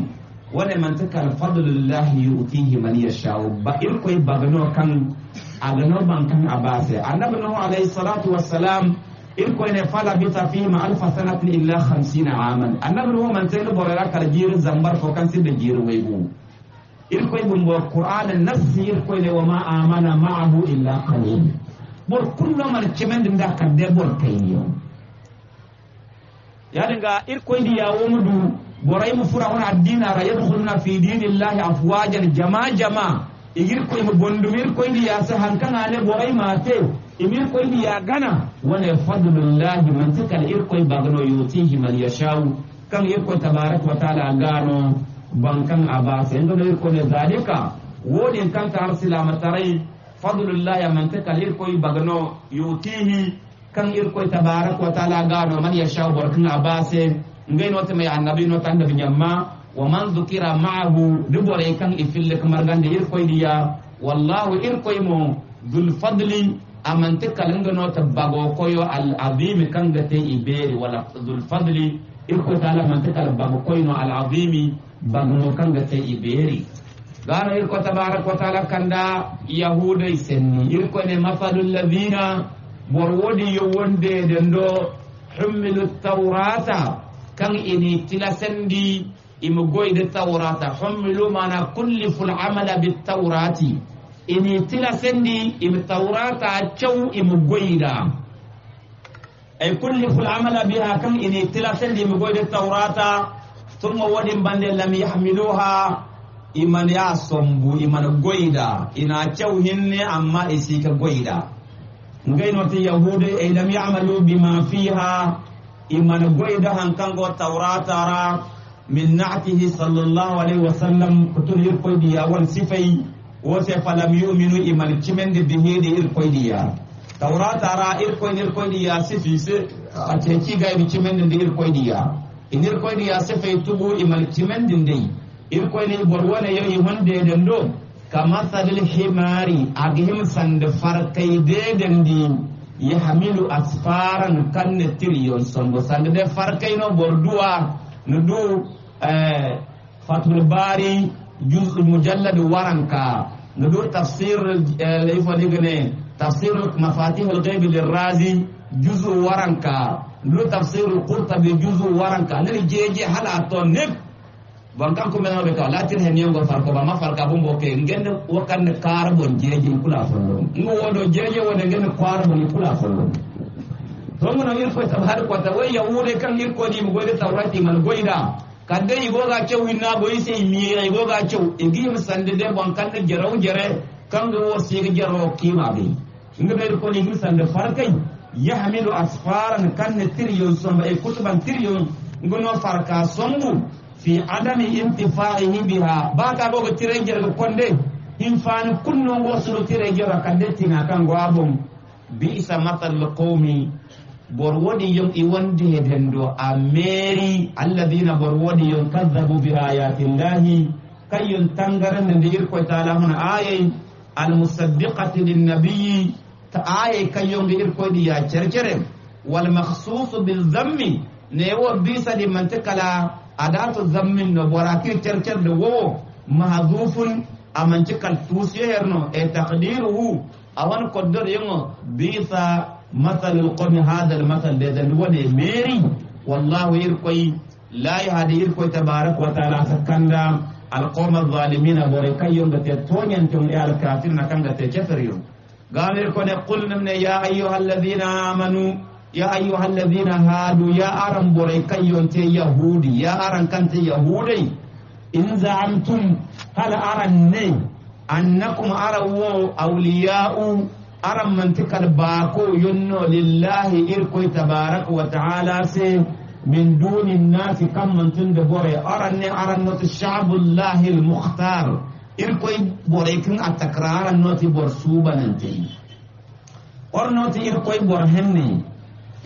[SPEAKER 1] وانا من تكال فضل الله يؤتيه من يشاء بإر كوي بغنو كان أغنو بان كان أباسي النبي عليه الصلاة والسلام irko ne fala bita fi ma alfa sanatin illa 50 aman annabi wo man sai bore ra kar jiru zambar fo kan sin da jir wai bu irko bun bo qur'an nafsi irko ne wa ma amana ma'ahu illa qalil bor kullu mar cemen din da kan de bor kayyo ya dinga irko di ya wo mudu borai mu fura wona addina ra yadkhuluna fi dinillahi afwajan jama jama igir ko mu bondu mir ko di ya sa hankana ne borai ma te imir koy bi ya gana wala fadlullahi man tikal ir koy bagno yutihi man yashau kan ir koy tabarak wa taala gano bankan abas ir koy ne zalika kan ta man tikal ir koy bagno yutihi kan ir koy tabarak wa taala gano man yashau barkan abas mai annabi nota annabi nyamma wa man dhukira ma'ahu kan ifille kamar gande ir koy diya wallahu ir koy mo dul fadli amanti kalinga nota bago koyo al azimi kanga te iberi wala dhul fadli iko tala manti kala bago koyo no al azimi bago kanga te iberi gara irko tabarak wa taala kanda yahuda isenni irko ne mafalul ladina borwodi yo wonde dendo hummilu tawrata kan ini tilasendi imugoyde tawrata hummilu mana kulliful amala bit tawrati ini tila sendi im taurata cew im goyda ay kullifu lamala biha kan ini tila sendi im goyde taurata tumma wadin bande lam yahmiluha iman ya sombu iman goyda ina cew hinne amma isika goyda ngaynoti yahude ay lam yamalu bima fiha iman goyda hankango tauratara min natihi sallallahu alaihi wasallam kutul yirkoydi yawan sifai. wose falam yuminu iman cimende behede ir koydiya tawrata ara ir koyni ir koydiya sifise a ceci gaybi cimende nde ir koydiya inir koydiya sifay tubu iman cimende ndey ir koyni borwone yoyi hondeden ɗo ka mathalil himari agihim sande farkay deden ndi hamilu asfaran kanne tiriyon sombo sande de farkayno bor duwa ndu eh fatul bari juz'ul mujallad waranka nudur tafsir eh, leifo ligane tafsir mafatih al-ghaib lirazi juz'u waranka nudur tafsir juz'u waranka nani jeje hala to nek bon kan ko menno be ka latin hen yongo farko ba ma farka bu mboke ngende wakan carbon jeje kula follo ngo wodo jeje wodo ngende carbon kula follo to mo na yirko tabar ko ta goyda kande igoga cew inna go ise mira igoga cew igim sande de bon kande jeraw jere kango wo sig jero kima be inga be ko ni sande farkai yahmilu asfaran kanne tiryon somba e kutuban tiriyon ngono farka sombu fi adami intifaihi biha baka bogo tire jere konde infan kunno go sulu tire jero kande tinga kango abum bi isa matal qawmi bor woni yon e wonde e den ɗo a meeri alladina bor yon kadabu bi ayatillahi kay yon tangarande nde irkoye taala hono ayey almusaddiqati linnabiyi ta ayey kayon nde irkoye ɗi ya cercerem walmahsusu bizammi ne wo bisaɗi mante kala aɗa to zammin no borakir cercerde wowo mahadufun amanci kal e takdiruhu awan koddor yongo bisa matsalul qawmi hadal matsal da zan wane meri wallahu irkoi la yahdi irkoi tabarak wa ta'ala sakanda alqawm adh-dhalimin bore kayyum da ta tonyan tun ya alkafir na kan ta te kafiriyo gamir ko ne qul namne ya ayyuhalladhina amanu ya ayyuhalladhina hadu ya aran bore kayyon te yahudi ya aran kan te yahudai in za'amtum hal aran ne annakum arawu awliya'u aran mantikar bako yonno lillahi irkoi tabaraka wa taala se min duni nnasi kam mantunde bore aran ne arannoti shabullahi lmukhtar irkoy bore kin a takra arannoti bor subananteyi ornoti irkoy bor henne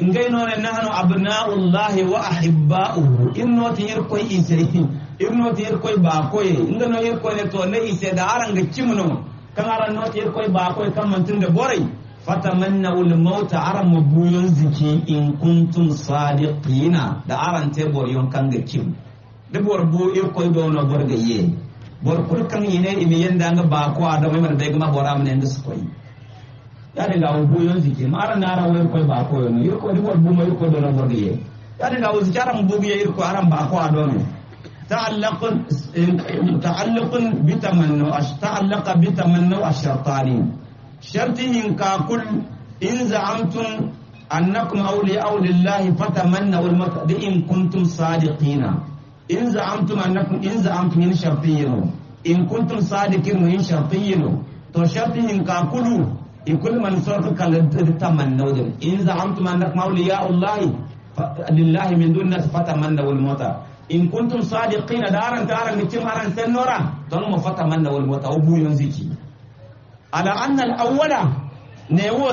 [SPEAKER 1] ngaynone nahnu abnaullahi wa ahibba'uhu irnoti irkoi isei irnoti irkoy baakoye ngano irkoyne to ne isa da aranga cimno kan aran no te koy ba koy kan mantun da borai fatamanna ul mauta aran mabuyon ziki in kuntum sadiqina da aran te boryon kan ga kim da bor bo e koy do no bor ga ye bor kul kan ne imi yanda ga ba ko adam mai da ga bora mun da su koy ya da lawo buyon ziki ma aran aran wai koy ba koy no yirko di bor bu mai ko do no bor ga ye ya da lawo ziki aran bu ga aran ba ko adam تعلق تعلق بتمنع تعلق بتمنع الشرطان شرطين ككل إن زعمتم أنكم أولياء لله فتمنوا الموت إن كنتم صادقين إن زعمتم أنكم إن زعمتم إن شرطين إن كنتم صادقين وإن شرطين تو شرطين كاكل إن كل من صدق تمنوا إن زعمتم أنكم أولياء الله لله من دون الناس فتمنوا الموت in kuntum sadiqina daran daran mitim aran senora don mu fata manna wal mota ubu yanziki ala anna al awwala ne wo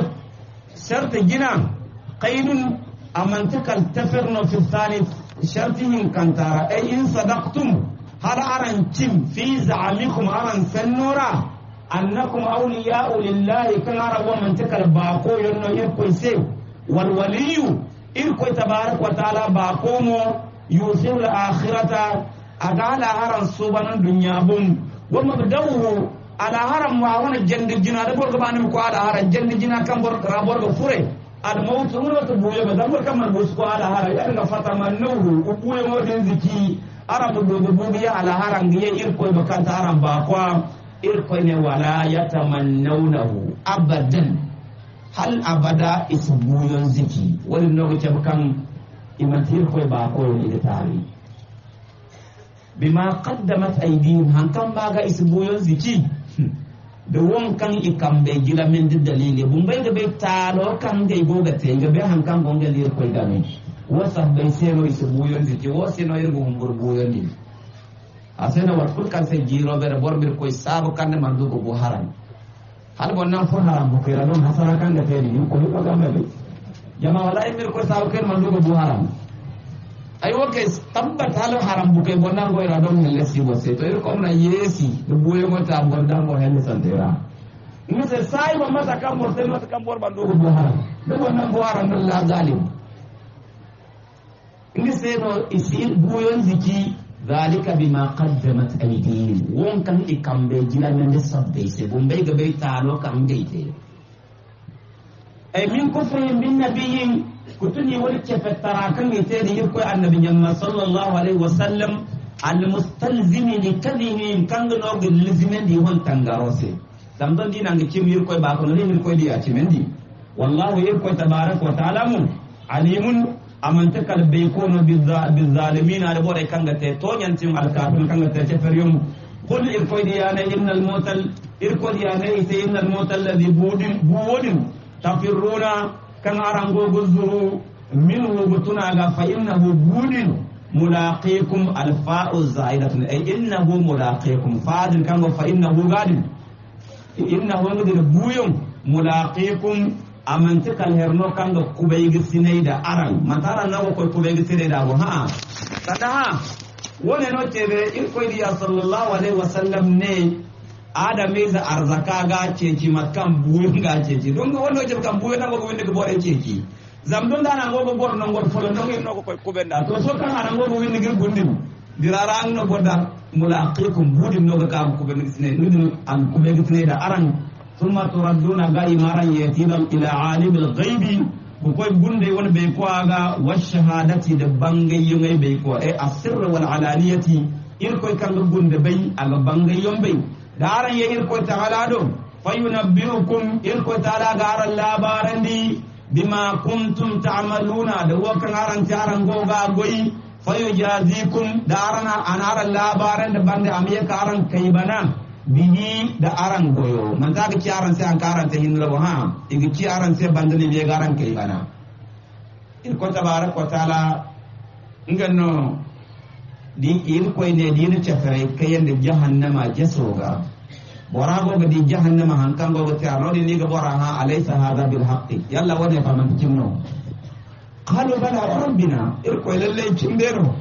[SPEAKER 1] sharta gina qaidun amantakal tafirna fi thalith shartihin kantara ay in sadaqtum har aran cin fi za'amikum aran senora annakum awliya'u lillahi kan arawa mantakal baqo yonno irko sai wal waliyu irko tabarak wa ta'ala baqo mo yusirul akhirata aga laharan subanan dunya bum wa mabda'uhu ala haram wa wana jandi jina da borga banim ko ala haran jandi jina kan bor ra borga fure al mawt umra to buya ba dan kan man bus ko ala haran ya daga fata man nuhu ku buya mo den ziki arabu do ya buya ala haran ya irko ba kan haram ba kwa irko ne wala yatamannawnahu abadan hal abada isu buyon ziki wani nuhu kan imantir koy ba ko ni tari bima qaddamat aydihim hankan baga isbuyon ziki da i ikam bai gila min di dalili bun bai da bai talo kan gai ga te ga bai hankan gonga lir koy gami wasa bai seno isbuyon ziki wasa no irgo humbur buyon ni asena wat kul kan se jiro bere borbir koy sabu kan man dugo go haram hal na fo haram ko ira don hasara kan da te ni ko ba ga be jama wallahi mir ko saw ker man ko bu haram ay wo kay tambat halo haram bu kay bonna go ira don helle lesi bo se to ir ko na yesi do bu yo ta mo dan mo helle santera ni se sai ma mata kam mo se mata kam bor ban do bu haram do bonna bu haram la zalim ni se no bu yo ziki dalika bima qaddamat aydihim won kan ikambe jilan ne sabbe se gumbe gabe tano kam deite ay min kufrin bin nabiyyin kutuni wal kefattara kan ite da yirko annabi nyamma sallallahu alaihi wasallam al mustalzimi li kadhihi kan no lizmin di hon tangarose dan don dinan ga kim yirko ba ko ne yirko di a di wallahu yirko tabaaraka wa ta'ala mun alimun amanta kal bai kono bi zalimin al bore kan ga te to nyantim al kafin kan ga te ce feryum na innal mutal إن الموت إركود يا innal mutal ladhi budin بود tafirruna kan arango guzuru min gutuna ga fa innahu budin mulaqikum alfa'u za'idatun ay innahu mulaqikum fadin kan fa innahu gadin innahu mudir buyum mulaqikum amanti kan herno kan ga kubay gisinai da aran matara na ko kubay gisinai da go ha sadaha wone no tebe in ko sallallahu alaihi wasallam ne adame za arzaka ga ceci makam buyon ga ceci don ga wannan jil kan buyon nan gobe daga bore ceci zam da nan gobe bore nan gobe folo nan yin ko kuben da to so kan nan gobe win gir gundin dirara an no boda mulaqikum budin no ga ka ko ben sine nudin an ko ben sine da aran thumma turadduna ga imaran yatilam ila alimil ghaibi ko koy gunde won be ko aga washahadati da bangay yungay be ko e asirra wal alaniyati ir koy kan gunde bay aga bangay yombay daran ya irko ta'ala do fayunabbiukum irko ala garan labaran di bima kuntum ta'maluna da wakan aran jaran goga goyi fayujazikum da aran an aran labaran da bande amiya karan bana bihi da aran goyo man zaka ki aran sai an karan ta hin lawa ha igi ki aran sai bande ne be garan bana irko tabaraka ta'ala nganno din in koy ne din cafare kayan da jahannama jasoga Bora ga di jahannama han kango ga tiarno di ni ga bora ha alaysa hadha bil haqqi yalla wone fa man timno qalu bala rabbina ir ko lalle cimbero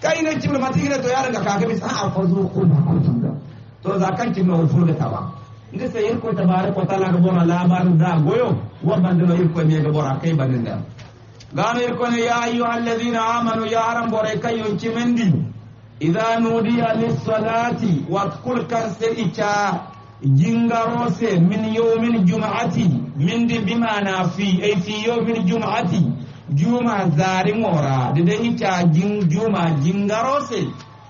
[SPEAKER 1] kai ne cimbe matigira to yara ga kake bis a ah, fazu ko ba ko cimbe to za kan cimbe ko furga tawa ngi se irko ko tabare ko tala ga bora labar da goyo wa bandino ir irko ne ga bora kai banin da gano irko ne ya ayyuhal ladina amanu ya aram bora kai yon cimendi idha nudiya lis-salati watkul kan se ica jingaro se min yawmin juma'ati min di na fi ay fi min juma'ati juma zari mora de de ica jing juma jingaro se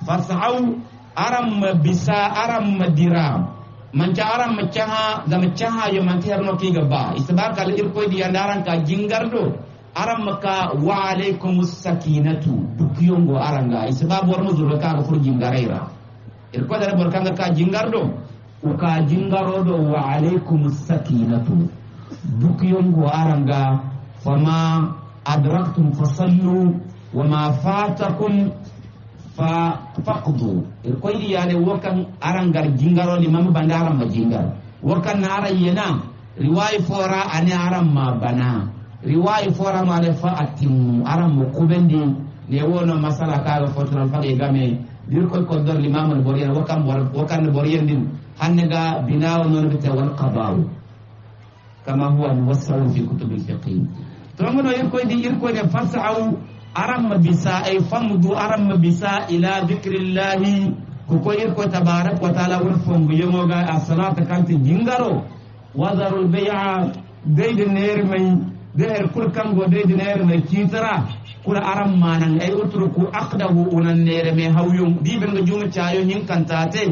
[SPEAKER 1] fasau aram bisa aram madira manca aram macaha da macaha yo manti harno ki gaba isbar kal irko di andaran ka jingardo aramaka wa alaikum sakinatu duk yongo aranga isbab war muzur ka fur jingaraira ir ko dara bor kanga ka jingardo u ka do wa alaikum sakinatu duk yongo aranga fama adraktum fasallu ma fatakum fa faqdu irko ya ne wakan wokan arangar jingaro ni mam bandara ma jingar wokan na arayena riwayi fora ani aram ma bana riwayi fora male fa a attimu aran mo kubendi ne wono masala kaga fotoran fage game dir koy ko dor limamal boriyen wakam wakan boriyen din hanne ga binawo non bite wal qadawu kama huwa muwassalu fi kutubil fiqh to ngono yir koy di yir koy de fasaw aran ma bisa ay famdu aran ma bisa ila dhikrillah ko koy yir koy tabarak wa taala won fongu yomoga as-salata kanti jingaro wadarul bay'a dayde neer may de her kul kango de dina her mai kitara kula aram manan ay utruku aqdahu unan nere me hawyum di ben juma chayo nyin kantate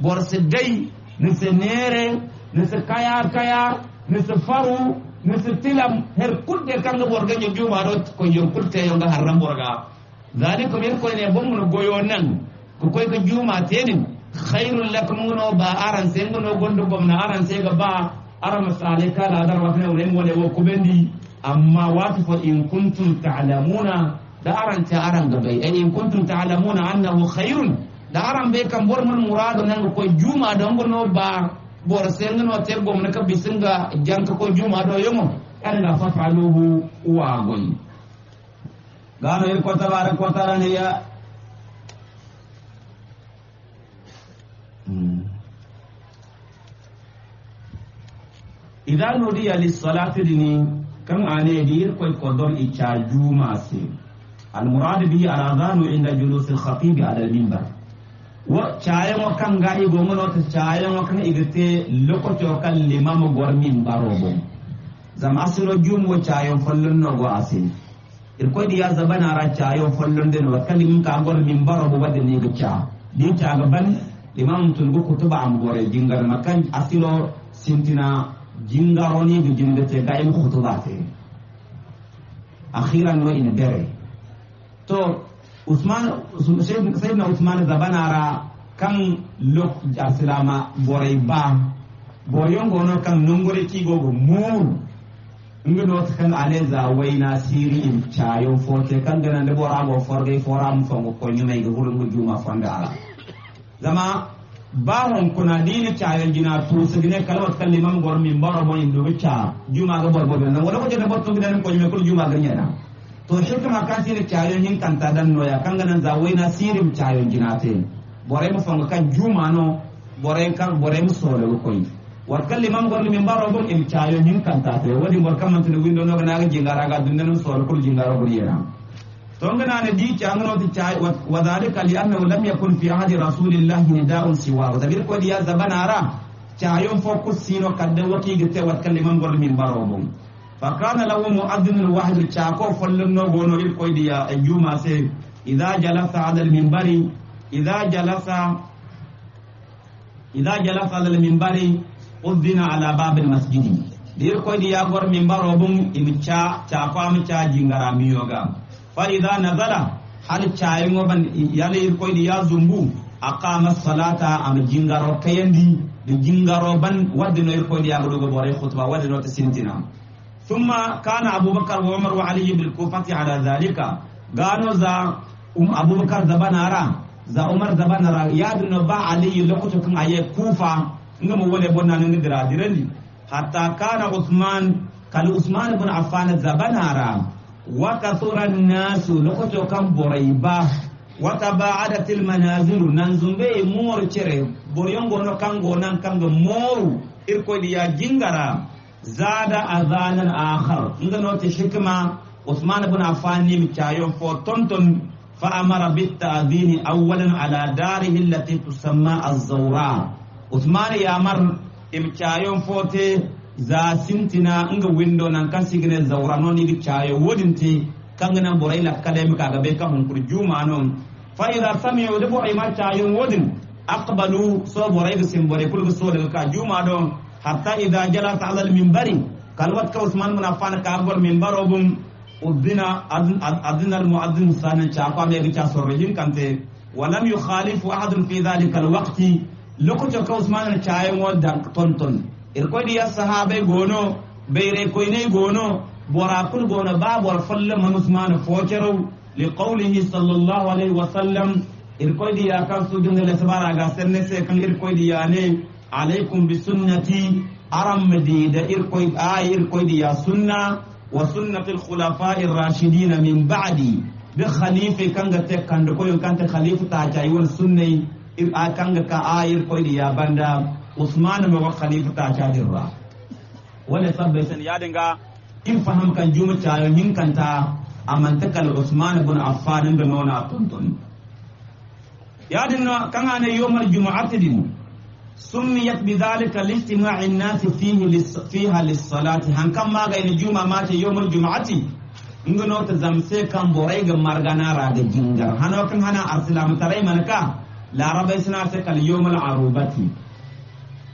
[SPEAKER 1] bor se dai ni se nere ni se kaya kaya ni se faru ni se tilam her kul de kango bor ga juma do ko yor kul te yo ga haram bor ga zani ko men ko ne bomun goyo nan ko koy ga juma tenin khairul lakum no ba aran sen no gondo bomna aran se ga ba aran sale kala dar wa ne wone wo kubendi amma watu fa in kuntum ta'lamuna da aran ta aran ga bai in kuntum ta'lamuna annahu khairun da aran bai kan bor mun murado nan ko juma don gono ba bor sen no ter gom na ka bisinga janka ko juma do yomo an ga fa faluhu wa gon gano ir e ko tabar ko tarani ya hmm. idan nudiya lis salati dini kan ane dir koy ko don e cajuma se al murad bi al adhanu inda julus al khatib ala al minbar wo caye kan ga e gomo no caye mo kan igete lokoto kan limam gor minbaro bom zam asro jum wo caye follon no go asin ir koy diya zabana ra caye follon den wa kan min ka gor minbaro bo wadde ne gicha di caga ban limam tun go kutuba am gore jingar makan asilo sintina jingaroni jo jumbete ga en khutubate akhiran no in dere to usman sayyidina usman zabanara kam lok aslama boray ba boyongo no kam nongore kigogo muru ngi do kan ale za wayna siri in chayo fote kan gana de borago forge foram fongo ko nyumay go hulungo juma fonda ala zama bahon kuna dina chaayal jina kala kalawat kalli mam gor mi mbaro mo indo cha juma ga bor bor na wala ko jada botto gidan ko me ko juma ga na to ma kan sine chaayal hin kan ta dan noya kan ganan zawai na sirim caayal jina te bore mo fanga kan juma no bore kan bore mo sore ko yi war kalli mam gor mi mbaro bon im caayal hin kan ta te wadi bor kam man tene windo no ga na ga jingara ga dunne no sore ko jingara yi na. tonga na di ci an ti ca wa zalika li annahu lam yakun fi ahadi rasulillahi nida'un siwa wa tabir ko diya zaman ara ca yon fo ko sino kadde wati ge te wat kalima ngol min barobo fa kana lahu mu'adhdhinul wahd ca ko follo no gono il ko diya ayyuma se jalasa 'ala al minbari idza jalasa idza jalasa 'ala al minbari min barobo imcha cha fam cha jingara miyoga فإذا نزل هل تشايم وبن يلي يركوي يا زمبو أقام الصلاة أم جنغارو كيندي جنغارو بن ودن يركوي يا غلوغ بوري خطبة ودن وتسنتنا ثم كان أبو بكر وعمر وعلي بالكوفة على ذلك قالوا ذا أم أبو بكر زبان أرى ذا عمر زبان أرى يادن با علي لقطكم أي كوفة نمو ولي بنا نندرا ديرني حتى كان عثمان قال عثمان بن عفان زبان أرى wakathura nnasu lokoto kan boraiba watabaadat almanazilu nan zumbe e cire, boryon gona kan go nan kan go moru irko diya jingara zada azanan akhar ngano te shikma usman ibn affan ni mitayon fo tonton fa bitta a ta'zin awwalan ala darihi allati tusamma a zaura, usman ya mar imtayon fo za simtina nga windo nan kan sigine zawra non idik chayo wodinti kangana boray la kadem kaga be ka hun kurju manon fa idha sami'u de boray ma chayo wodin aqbalu so boray de sim boray kul so ka juma don hatta idha jala ala al minbari kalwat ka usman bin affan ka gor minbaro bum udina adina al muaddin sanan cha ko me cha sorrejin kante walam yukhalifu ahadun fi dhalika al waqti lokoto ka usman chayo wodan ton ton irkoidiya sahabai gono beyre koyney gono bora kul gono ba bora folle manusmana fokero li qawlihi sallallahu alayhi wa sallam irkoidiya kan sudungele sabaraga senne se kan irkoidiya ne alaykum bi sunnati aram da irkoy a irkoidiya sunna wa sunnati alkhulafa'i ar-rashidin min ba'di bi khalife kanga te kando koyo kante khalifu ta jaywon sunnay ir a kanga ka a irkoidiya banda عثمان ما خليفة تاجر را ولا سب بس يادنگا إن فهم كان جوم تاجر نين كان تا أمن تكل عثمان بن عفان بمونا تنتن يادنگا كان أنا يوم الجمعة تدين سميت بذلك الاجتماع الناس فيه لس... فيها للصلاة هن كم ما غير الجمعة ما يوم الجمعة إنه تزمسي كم بوريغ مرغانا راد جنجر هنو كن هنا أرسلام تريمان كا لا ربي سنعسي كاليوم العروبتي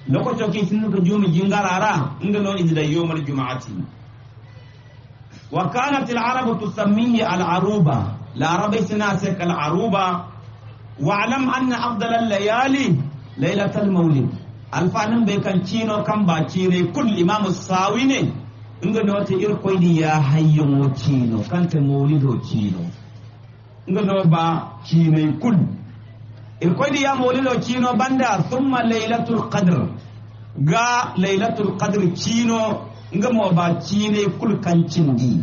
[SPEAKER 1] نكو توكين سنن رجوم جنغار عرا اندلو اندى يوم الجمعة وكانت العرب تسمي العروبة العرب سناسك العروبة وعلم أن أفضل الليالي ليلة المولد الفانم بيكن تشينو كم باتشيري كل إمام الصاويني اندلو تير قويدي يا حيو تشينو كانت مولد تشينو اندلو با تشيني كل إلقيدي يا مولد تشينو بندا ثم ليلة القدر ga lailatul qadr kino nga mo ba kine kul kancin di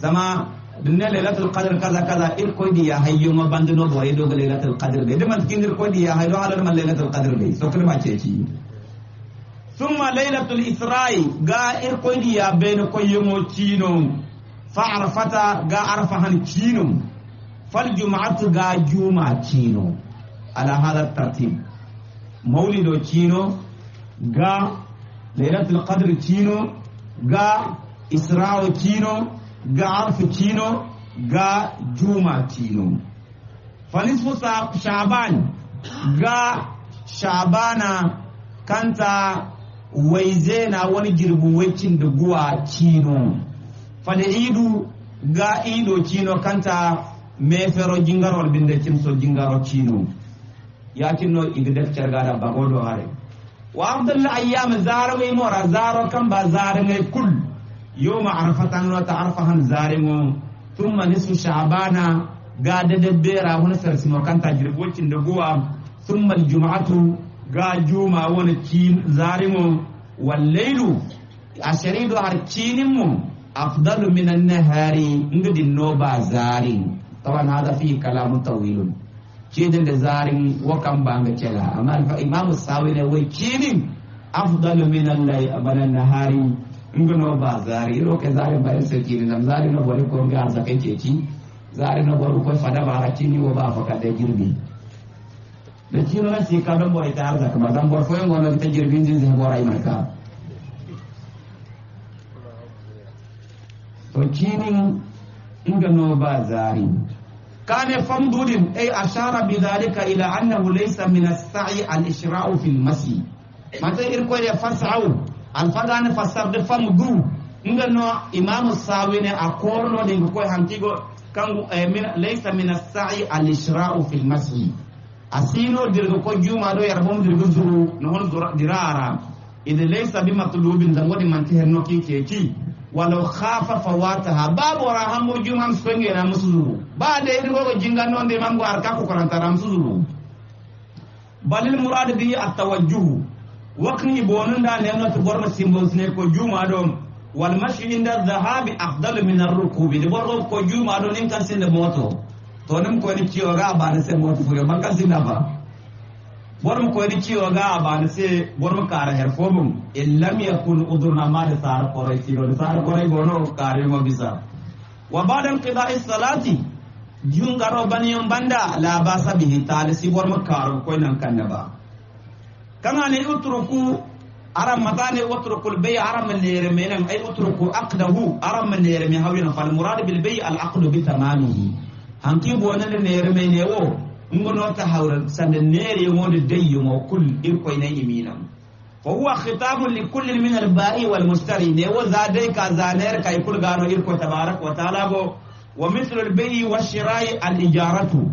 [SPEAKER 1] zama dunne lailatul qadr kaza kaza ir ko di ya hayyo ma bandu no boye do lailatul qadr de man kin ir ko di ya hayyo ala ma lailatul qadr de so kul ce ci thumma lailatul isra'i ga ir ko di ya ben ko yomo kino fa arfata ga arfahan kino fal juma'atu ga juma kino ala hada tartib maulido kino ga lailatul qadr kino ga isra'u kino ga arfu kino ga juma kino fanisfu sha'ban ga shabana kanta waize na wani girbuwakin da guwa kino fali'idu ga ido kino kanta mefero jingarol binda kimso jingaro kino yakinno iga deftere gaɗa bagoɗo hare wa afdal ayyam zarwe mo razaro kam ba zarwe kul yoma arfatan wa ta'arfahan zarimo thumma nisfu sha'bana ga da bera wani sarsimo kan tajir bocin da gowa thumma aljum'atu ga juma wani ki zarimo wal laylu asharidu har kinin mu afdalu min an-nahari ngudin no ba zarin طبعا هذا fi كلام tawilun kidan da zari wakan ba ga kela amma fa imamu sawi ne wai kidin afdalu min allahi abanan nahari in ga no ba zari ro ke zari ba sai kidin nan zari na bari ko ga zakai keki zari na bari ko fa da ba ra kini wa ba fa ka da girbi da kino na ka don boy ta arza kama dan bor foyon wannan ta girbin jin zai borai ka to kinin no ba zari kane famdudin ay ashara bidhalika ila annahu laysa min as-sa'i al-ishra'u fil masjid mata ir ko ya fasau al fadan fasar de famdu nga no imam sawine akorno de ko hantigo kangu eh, min, laysa min as-sa'i al-ishra'u fil masjid asino dir ko juma do yar bom dir zuru no hon dirara idh laysa bimatlubin dangodi mantihen no kinkeki ki. walau khafa fawataha babu wara hambo jum ham spenge na ba de ido go jinga non de mango arka ko karanta ram suzuru balil murad bi atawajjuh waqni bonun da ne na borma simbos ne ko juma do wal mashi inda dhahabi afdal min ar-rukub de borgo ko juma do nim kan sin da moto to nim ko ni ciyo ga ba ne sai moto man kan ba bor mu koyri ciyo ga ni se bor mu kara her fobum illam yakun udurna ma da sar korai ciyo da sar korai gono kare mo bisa wa badan qida'i salati jun garo baniyon banda la ba sabihi si bor mu karo ko nan kanna ba kana ne utruku aram matane utrukul bay aram lere menan ay utruku aqdahu aram lere me hawina fal murad bil bay al aqdu bi tamanihi hanki ne lere me ne wo ngono ta hawral sande neer yo wonde deyyo mo kul ir koy nay iminam fa huwa khitabun li kulli min al ba'i wal mustari ne wo zade ka zaner kay kul gano ir ko tabarak wa ta'ala go wa mithlu al bai'i wash shira'i al ijaratu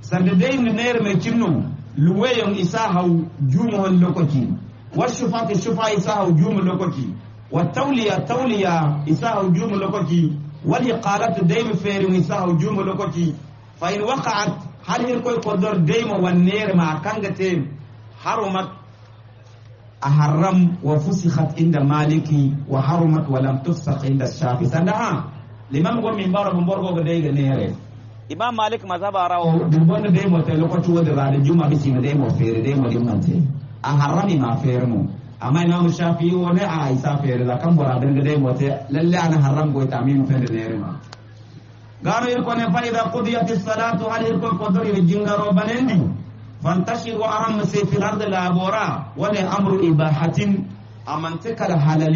[SPEAKER 1] sande dey neer me cinnu luweyon isa haw jumo lokoki wash shufati shufa isa haw jumo lokoki wa tawliya tawliya isa haw jumo lokoki wal iqalatu dey me feeru isa haw jumo lokoki fa in waqa'at hal hin koy kodor deyma wannere ma kanga te harumat a haram wa fusikhat inda maliki wa harumat wa lam tufsak inda shafi sanda ha limam go min baro bor go deyga nere imam malik mazhaba rawo dum bonde deymo te lokoti wodi da juma bisi deymo fere deymo te a harami ma fere mu amma imam shafi wone a isa fere da kan bora dende deymo te lalle ana haram goita tamim fere nere ma قالوا يركون فإذا قضيت الصلاة هل يركون قدر يجنغ روبانين فانتشروا أهم سي في الأرض لابورا ولا أمر إباحة أمن تكل على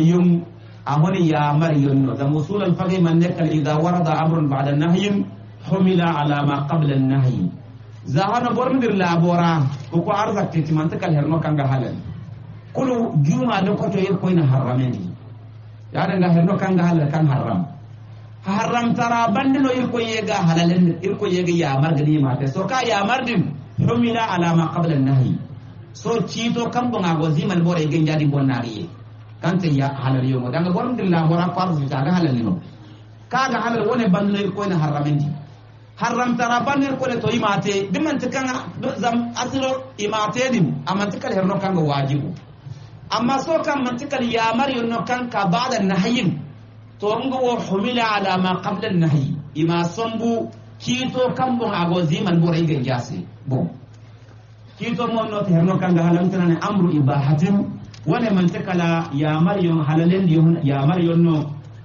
[SPEAKER 1] أمن يا مريون ذا مصول الفقه من نكل إذا ورد أمر بعد النهي حمل على ما قبل النهي زهان برمدر لابورا وكو أرزك تيتي من تكل هرنو كان هلن كل جمعة نكتو يركون هرمني يعني هرنو كان هلن كان حرام haramtara bandino irko yega halalen irko yega ya margani ma te so ka ya yamar din ala alama qabla nahi so cito kam bonga gozi mal bore gen jadi bonnari kante ya halal yo danga borom din la mora farz ta ga halal no kaga halal wone bandino irko na haram haramtara bandino irko to imate dimman kan zam asiro imate din amma kal herno kanga wajibu amma so kan mantikal mar yo no kan ka bada nahyin torongo wo humila ala ma qabla al nahyi ima sambu kito kambo ago ziman bo rege jasi bon kito mo no te herno kanga halam tanane amru ibahatin wala man takala ya maryam halalen ya maryam no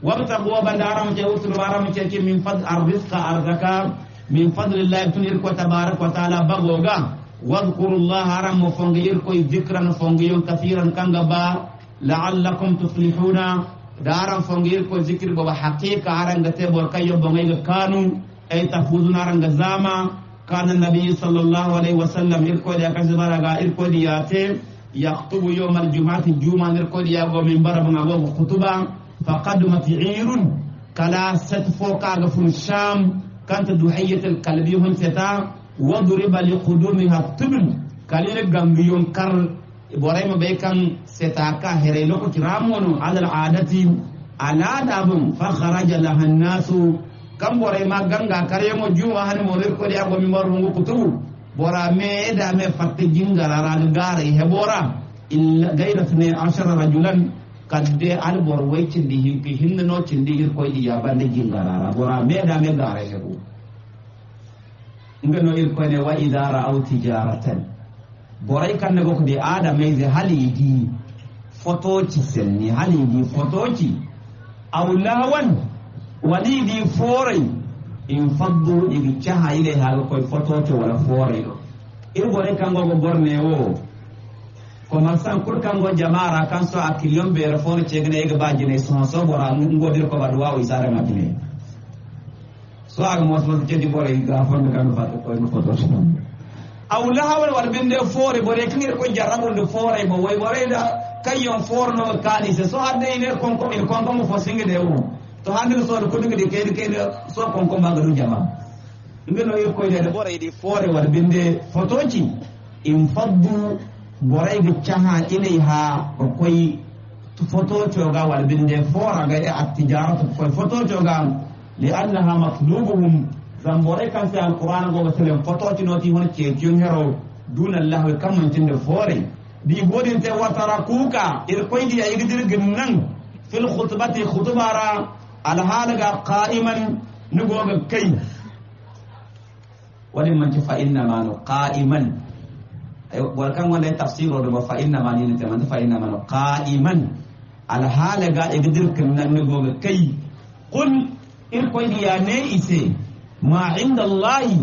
[SPEAKER 1] wabtagu wa bandaram je utul baram je ke min fad arzqa arzaka min fadlillah tunir ko tabarak wa taala bagoga wadhkurullaha haram mo fongir ko dhikran fongiyon kathiran kanga ba la'allakum tuflihuna daran fongir ko zikir baba haqiqa aranga te bor kayo bangay kanu ay tafuzuna aranga zama kana nabi sallallahu alaihi wasallam irko da kasbara ga irko diyate يخطب يوم الجمعة الجمعة نركض يا أبو من برا من أبو خطبة فقدمت عير كلا ست فوق عقفون الشام كانت دحية الكلبيهم تتا وضرب لقدومها الطبل كليل جنبيون كر ibrahim be kan setaka no ko kiramono alal adati ala dabum fa kharaja lahan nasu kam bore ma ganga mo juma han mo re ko de ago mi maru ko tubu bora me da me fatte jingara ran gare he bora illa gaira ne ashara rajulan kadde al bor way cindi hinki hinno no cindi hir ko bande yabande jingara bora me da me gare he bu ngano il ko ne wa idara au tijaratan borai boray kanne go de adameyse haliyidi fotoci selni haliyidi fotoci aw lawan walidi foray in faddu igi caha ile haga koi fotoci wala foray ɗo e borai kan kango go borne o kan pour kango jamara kan so akkilyon ɓeere fono cegene ega bajine sonso bora godir ko waɗa wawi sarama dine so aga mosmoso cedi borai ga fonde kango fadde koyno fotoce ɗon awla hawal wal binde foore bore kangir ko jarrabunde foore bo way boreyda kayyon forno kanise so hadde ine er konko in konko mo fo singe de wu to handir soode kodugi de kede kede so konko mbaga ɗum jama ngeno ir koydede boreydi foore wal binde fotoji in faddu boreyga caha inay ha ko koye fotocoga wal binde fooraga e attijaratu koye fotocoga li annaha matlubuhum zambore kan sai alqur'ana go wasallam foto ti noti won ce jun ngero duna allah kam man tinde fore di bodin te watarakuka ir koydi ay gidir ginnan fil khutbati khutbara al halaga qa'iman ga kai wani man ci fa inna ma no qa'iman wal kan wala tafsiro do fa inna ma ni te man fa inna ma no qa'iman al halaga e gidir go ga kai qul ir koydi ya ne ise ma inda Allahi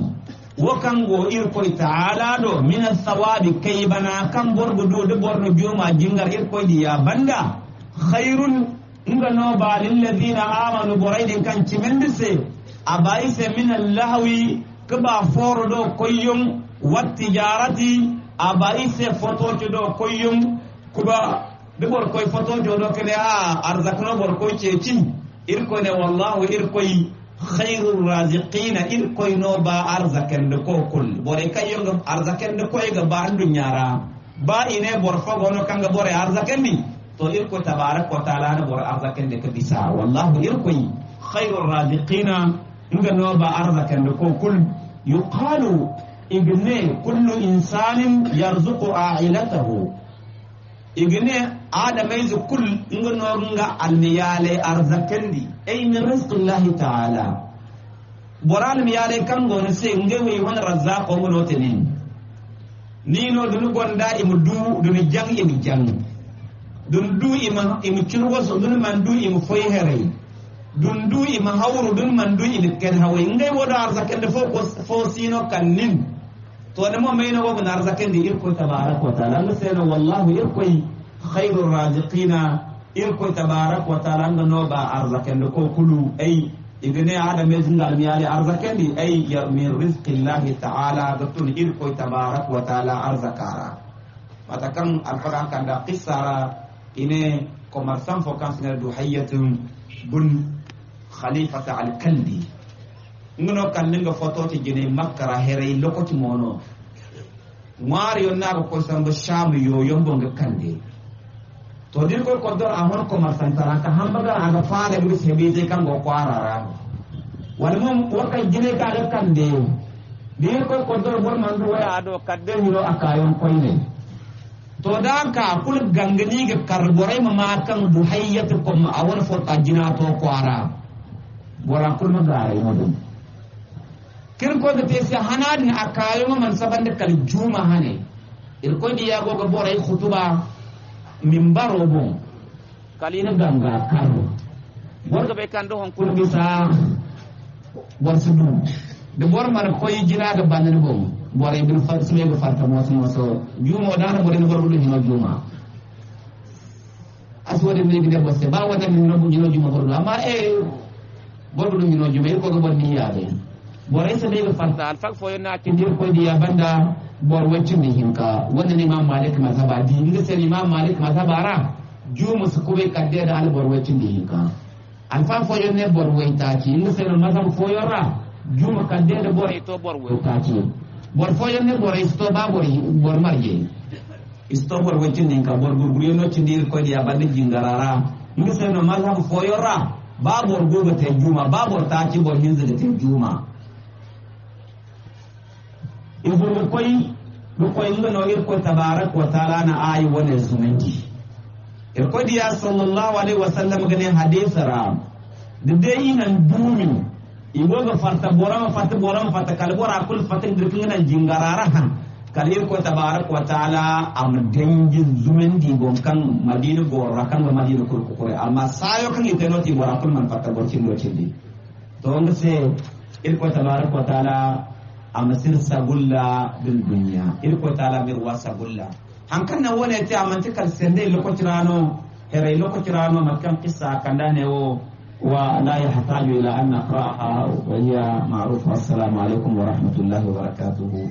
[SPEAKER 1] wo kango irkoy ta'ala do min thawabi kay bana kan borgo do de borno joma jingar irkoy diya banda khairun nga no balil ladina amanu buraydin kan cimendise abayse min allahawi kaba foro do koyum wat tijarati abayse fototo do koyum kuba de bor koy foto do kene a arzakno bor koy ceci irkoy ne wallahu irkoy خير الرازقين إن كوينو با أرزكن دكو كل بوري كي ينغ أرزكن دكو يغ با عندو نيارا با إنه بورفو غنو كان بوري أرزكن دي تو إلكو تبارك وتعالى بور أرزكن دك بيسا والله إلكو خير الرازقين إن كوينو با أرزكن دكو كل يقالوا إبني كل إنسان يرزق عائلته إبني adamai zukul kul ngononga almiyale arzakandi ay min rizqillahi ta'ala boral miyale kan gon se ngewe won razzaq ko tenin ni no dun gonda mu du dun jang imu jang dun du ima imu cinwo so dun man du imu foy herai dun du ima hawru dun man du imu ken hawai ngai wodo arzakandi fo fo sino nin? to ne mo meino wo arzakandi irko tabarak wa ta'ala se no wallahu irko khairur raziqina irko tabarak wa ta'ala anga no ba arzakende ko kulu ay igene ada mezingal mi ali arzakende ay ya min rizqillahi ta'ala gatun irko tabarak wa ta'ala arzakara matakan alquran kanda qissara ine komarsan fo kan sinar du hayyatun bun khalifata alkalbi ngono kallinga fototi gene makkara heray lokoti mono ngwari yonna ko ko sambo shamu yo yombonga kande to dir ko kodor amon ko marsantara ka hambagar aga faare bi sebe je kan go kwarara wal mum wata jine ka ga kan de dir ko kodor bor man do ya do kadde hiro akayon koy ne to da ka kul gangani ga karborai ma kan buhayyat ko ma awon fota jina to kwara bora kul ma gare mo dum kin ko da pesi hanadin akayon man saban da kal juma hane ir ko di ya go ga borai khutuba min baro bon kalina ganga karo borga be kando hon kun bisa warsudu de bor mar koy jina ga banan bon bor ibn fatsme ga farta mo sama so jumo dana bor ibn borbu ni juma aswode ne gide bosse ba wata ni no jino juma borbu amma e borbu ni no juma ko ga eh. bor ni yaade bor esa eh. be ga farta al fak fo yona tindir koy diya banda borwancin ne hinka wannan imam malik mazhaba di inda sai imam malik mazhaba ra jumu su kube kadde da al borwancin ne hinka alfa foyo ne borwai ta ci inda sai mazhab foyo ra jumu kadde da borwai to borwai ta ci bor foyo ne borai sto ba bori bor marje isto borwancin ne hinka bor gurgure no ci dir ko ya bandi jingarara inda sai mazhab foyo ra ba bor gogo ta juma ba bor ta ki? bor hinza da ta juma iburu koy du koy ngano ir ko tabarak wa taala na ayi wona zumanti ir ko diya sallallahu alaihi wasallam gane hadith ra de dai nan dumi iwo ga farta borama farta borama farta kal kalbora kul farta dirkin nan jingarara han kal ir ko tabarak wa taala am dangi zumanti gon kan madina borra kan madina kul ko amma sayo kan itenoti borakul man farta borkin do cindi to ngse ir ko tabarak wa taala a sir sagulla din duniya ir ko wa sagulla han kan nan wala ta amanta kal sende lokacin rano hera lokacin rano makan kissa kan ne wo wa la yahtaju ila an naqraha wa hiya ma'ruf assalamu alaikum wa rahmatullahi wa barakatuh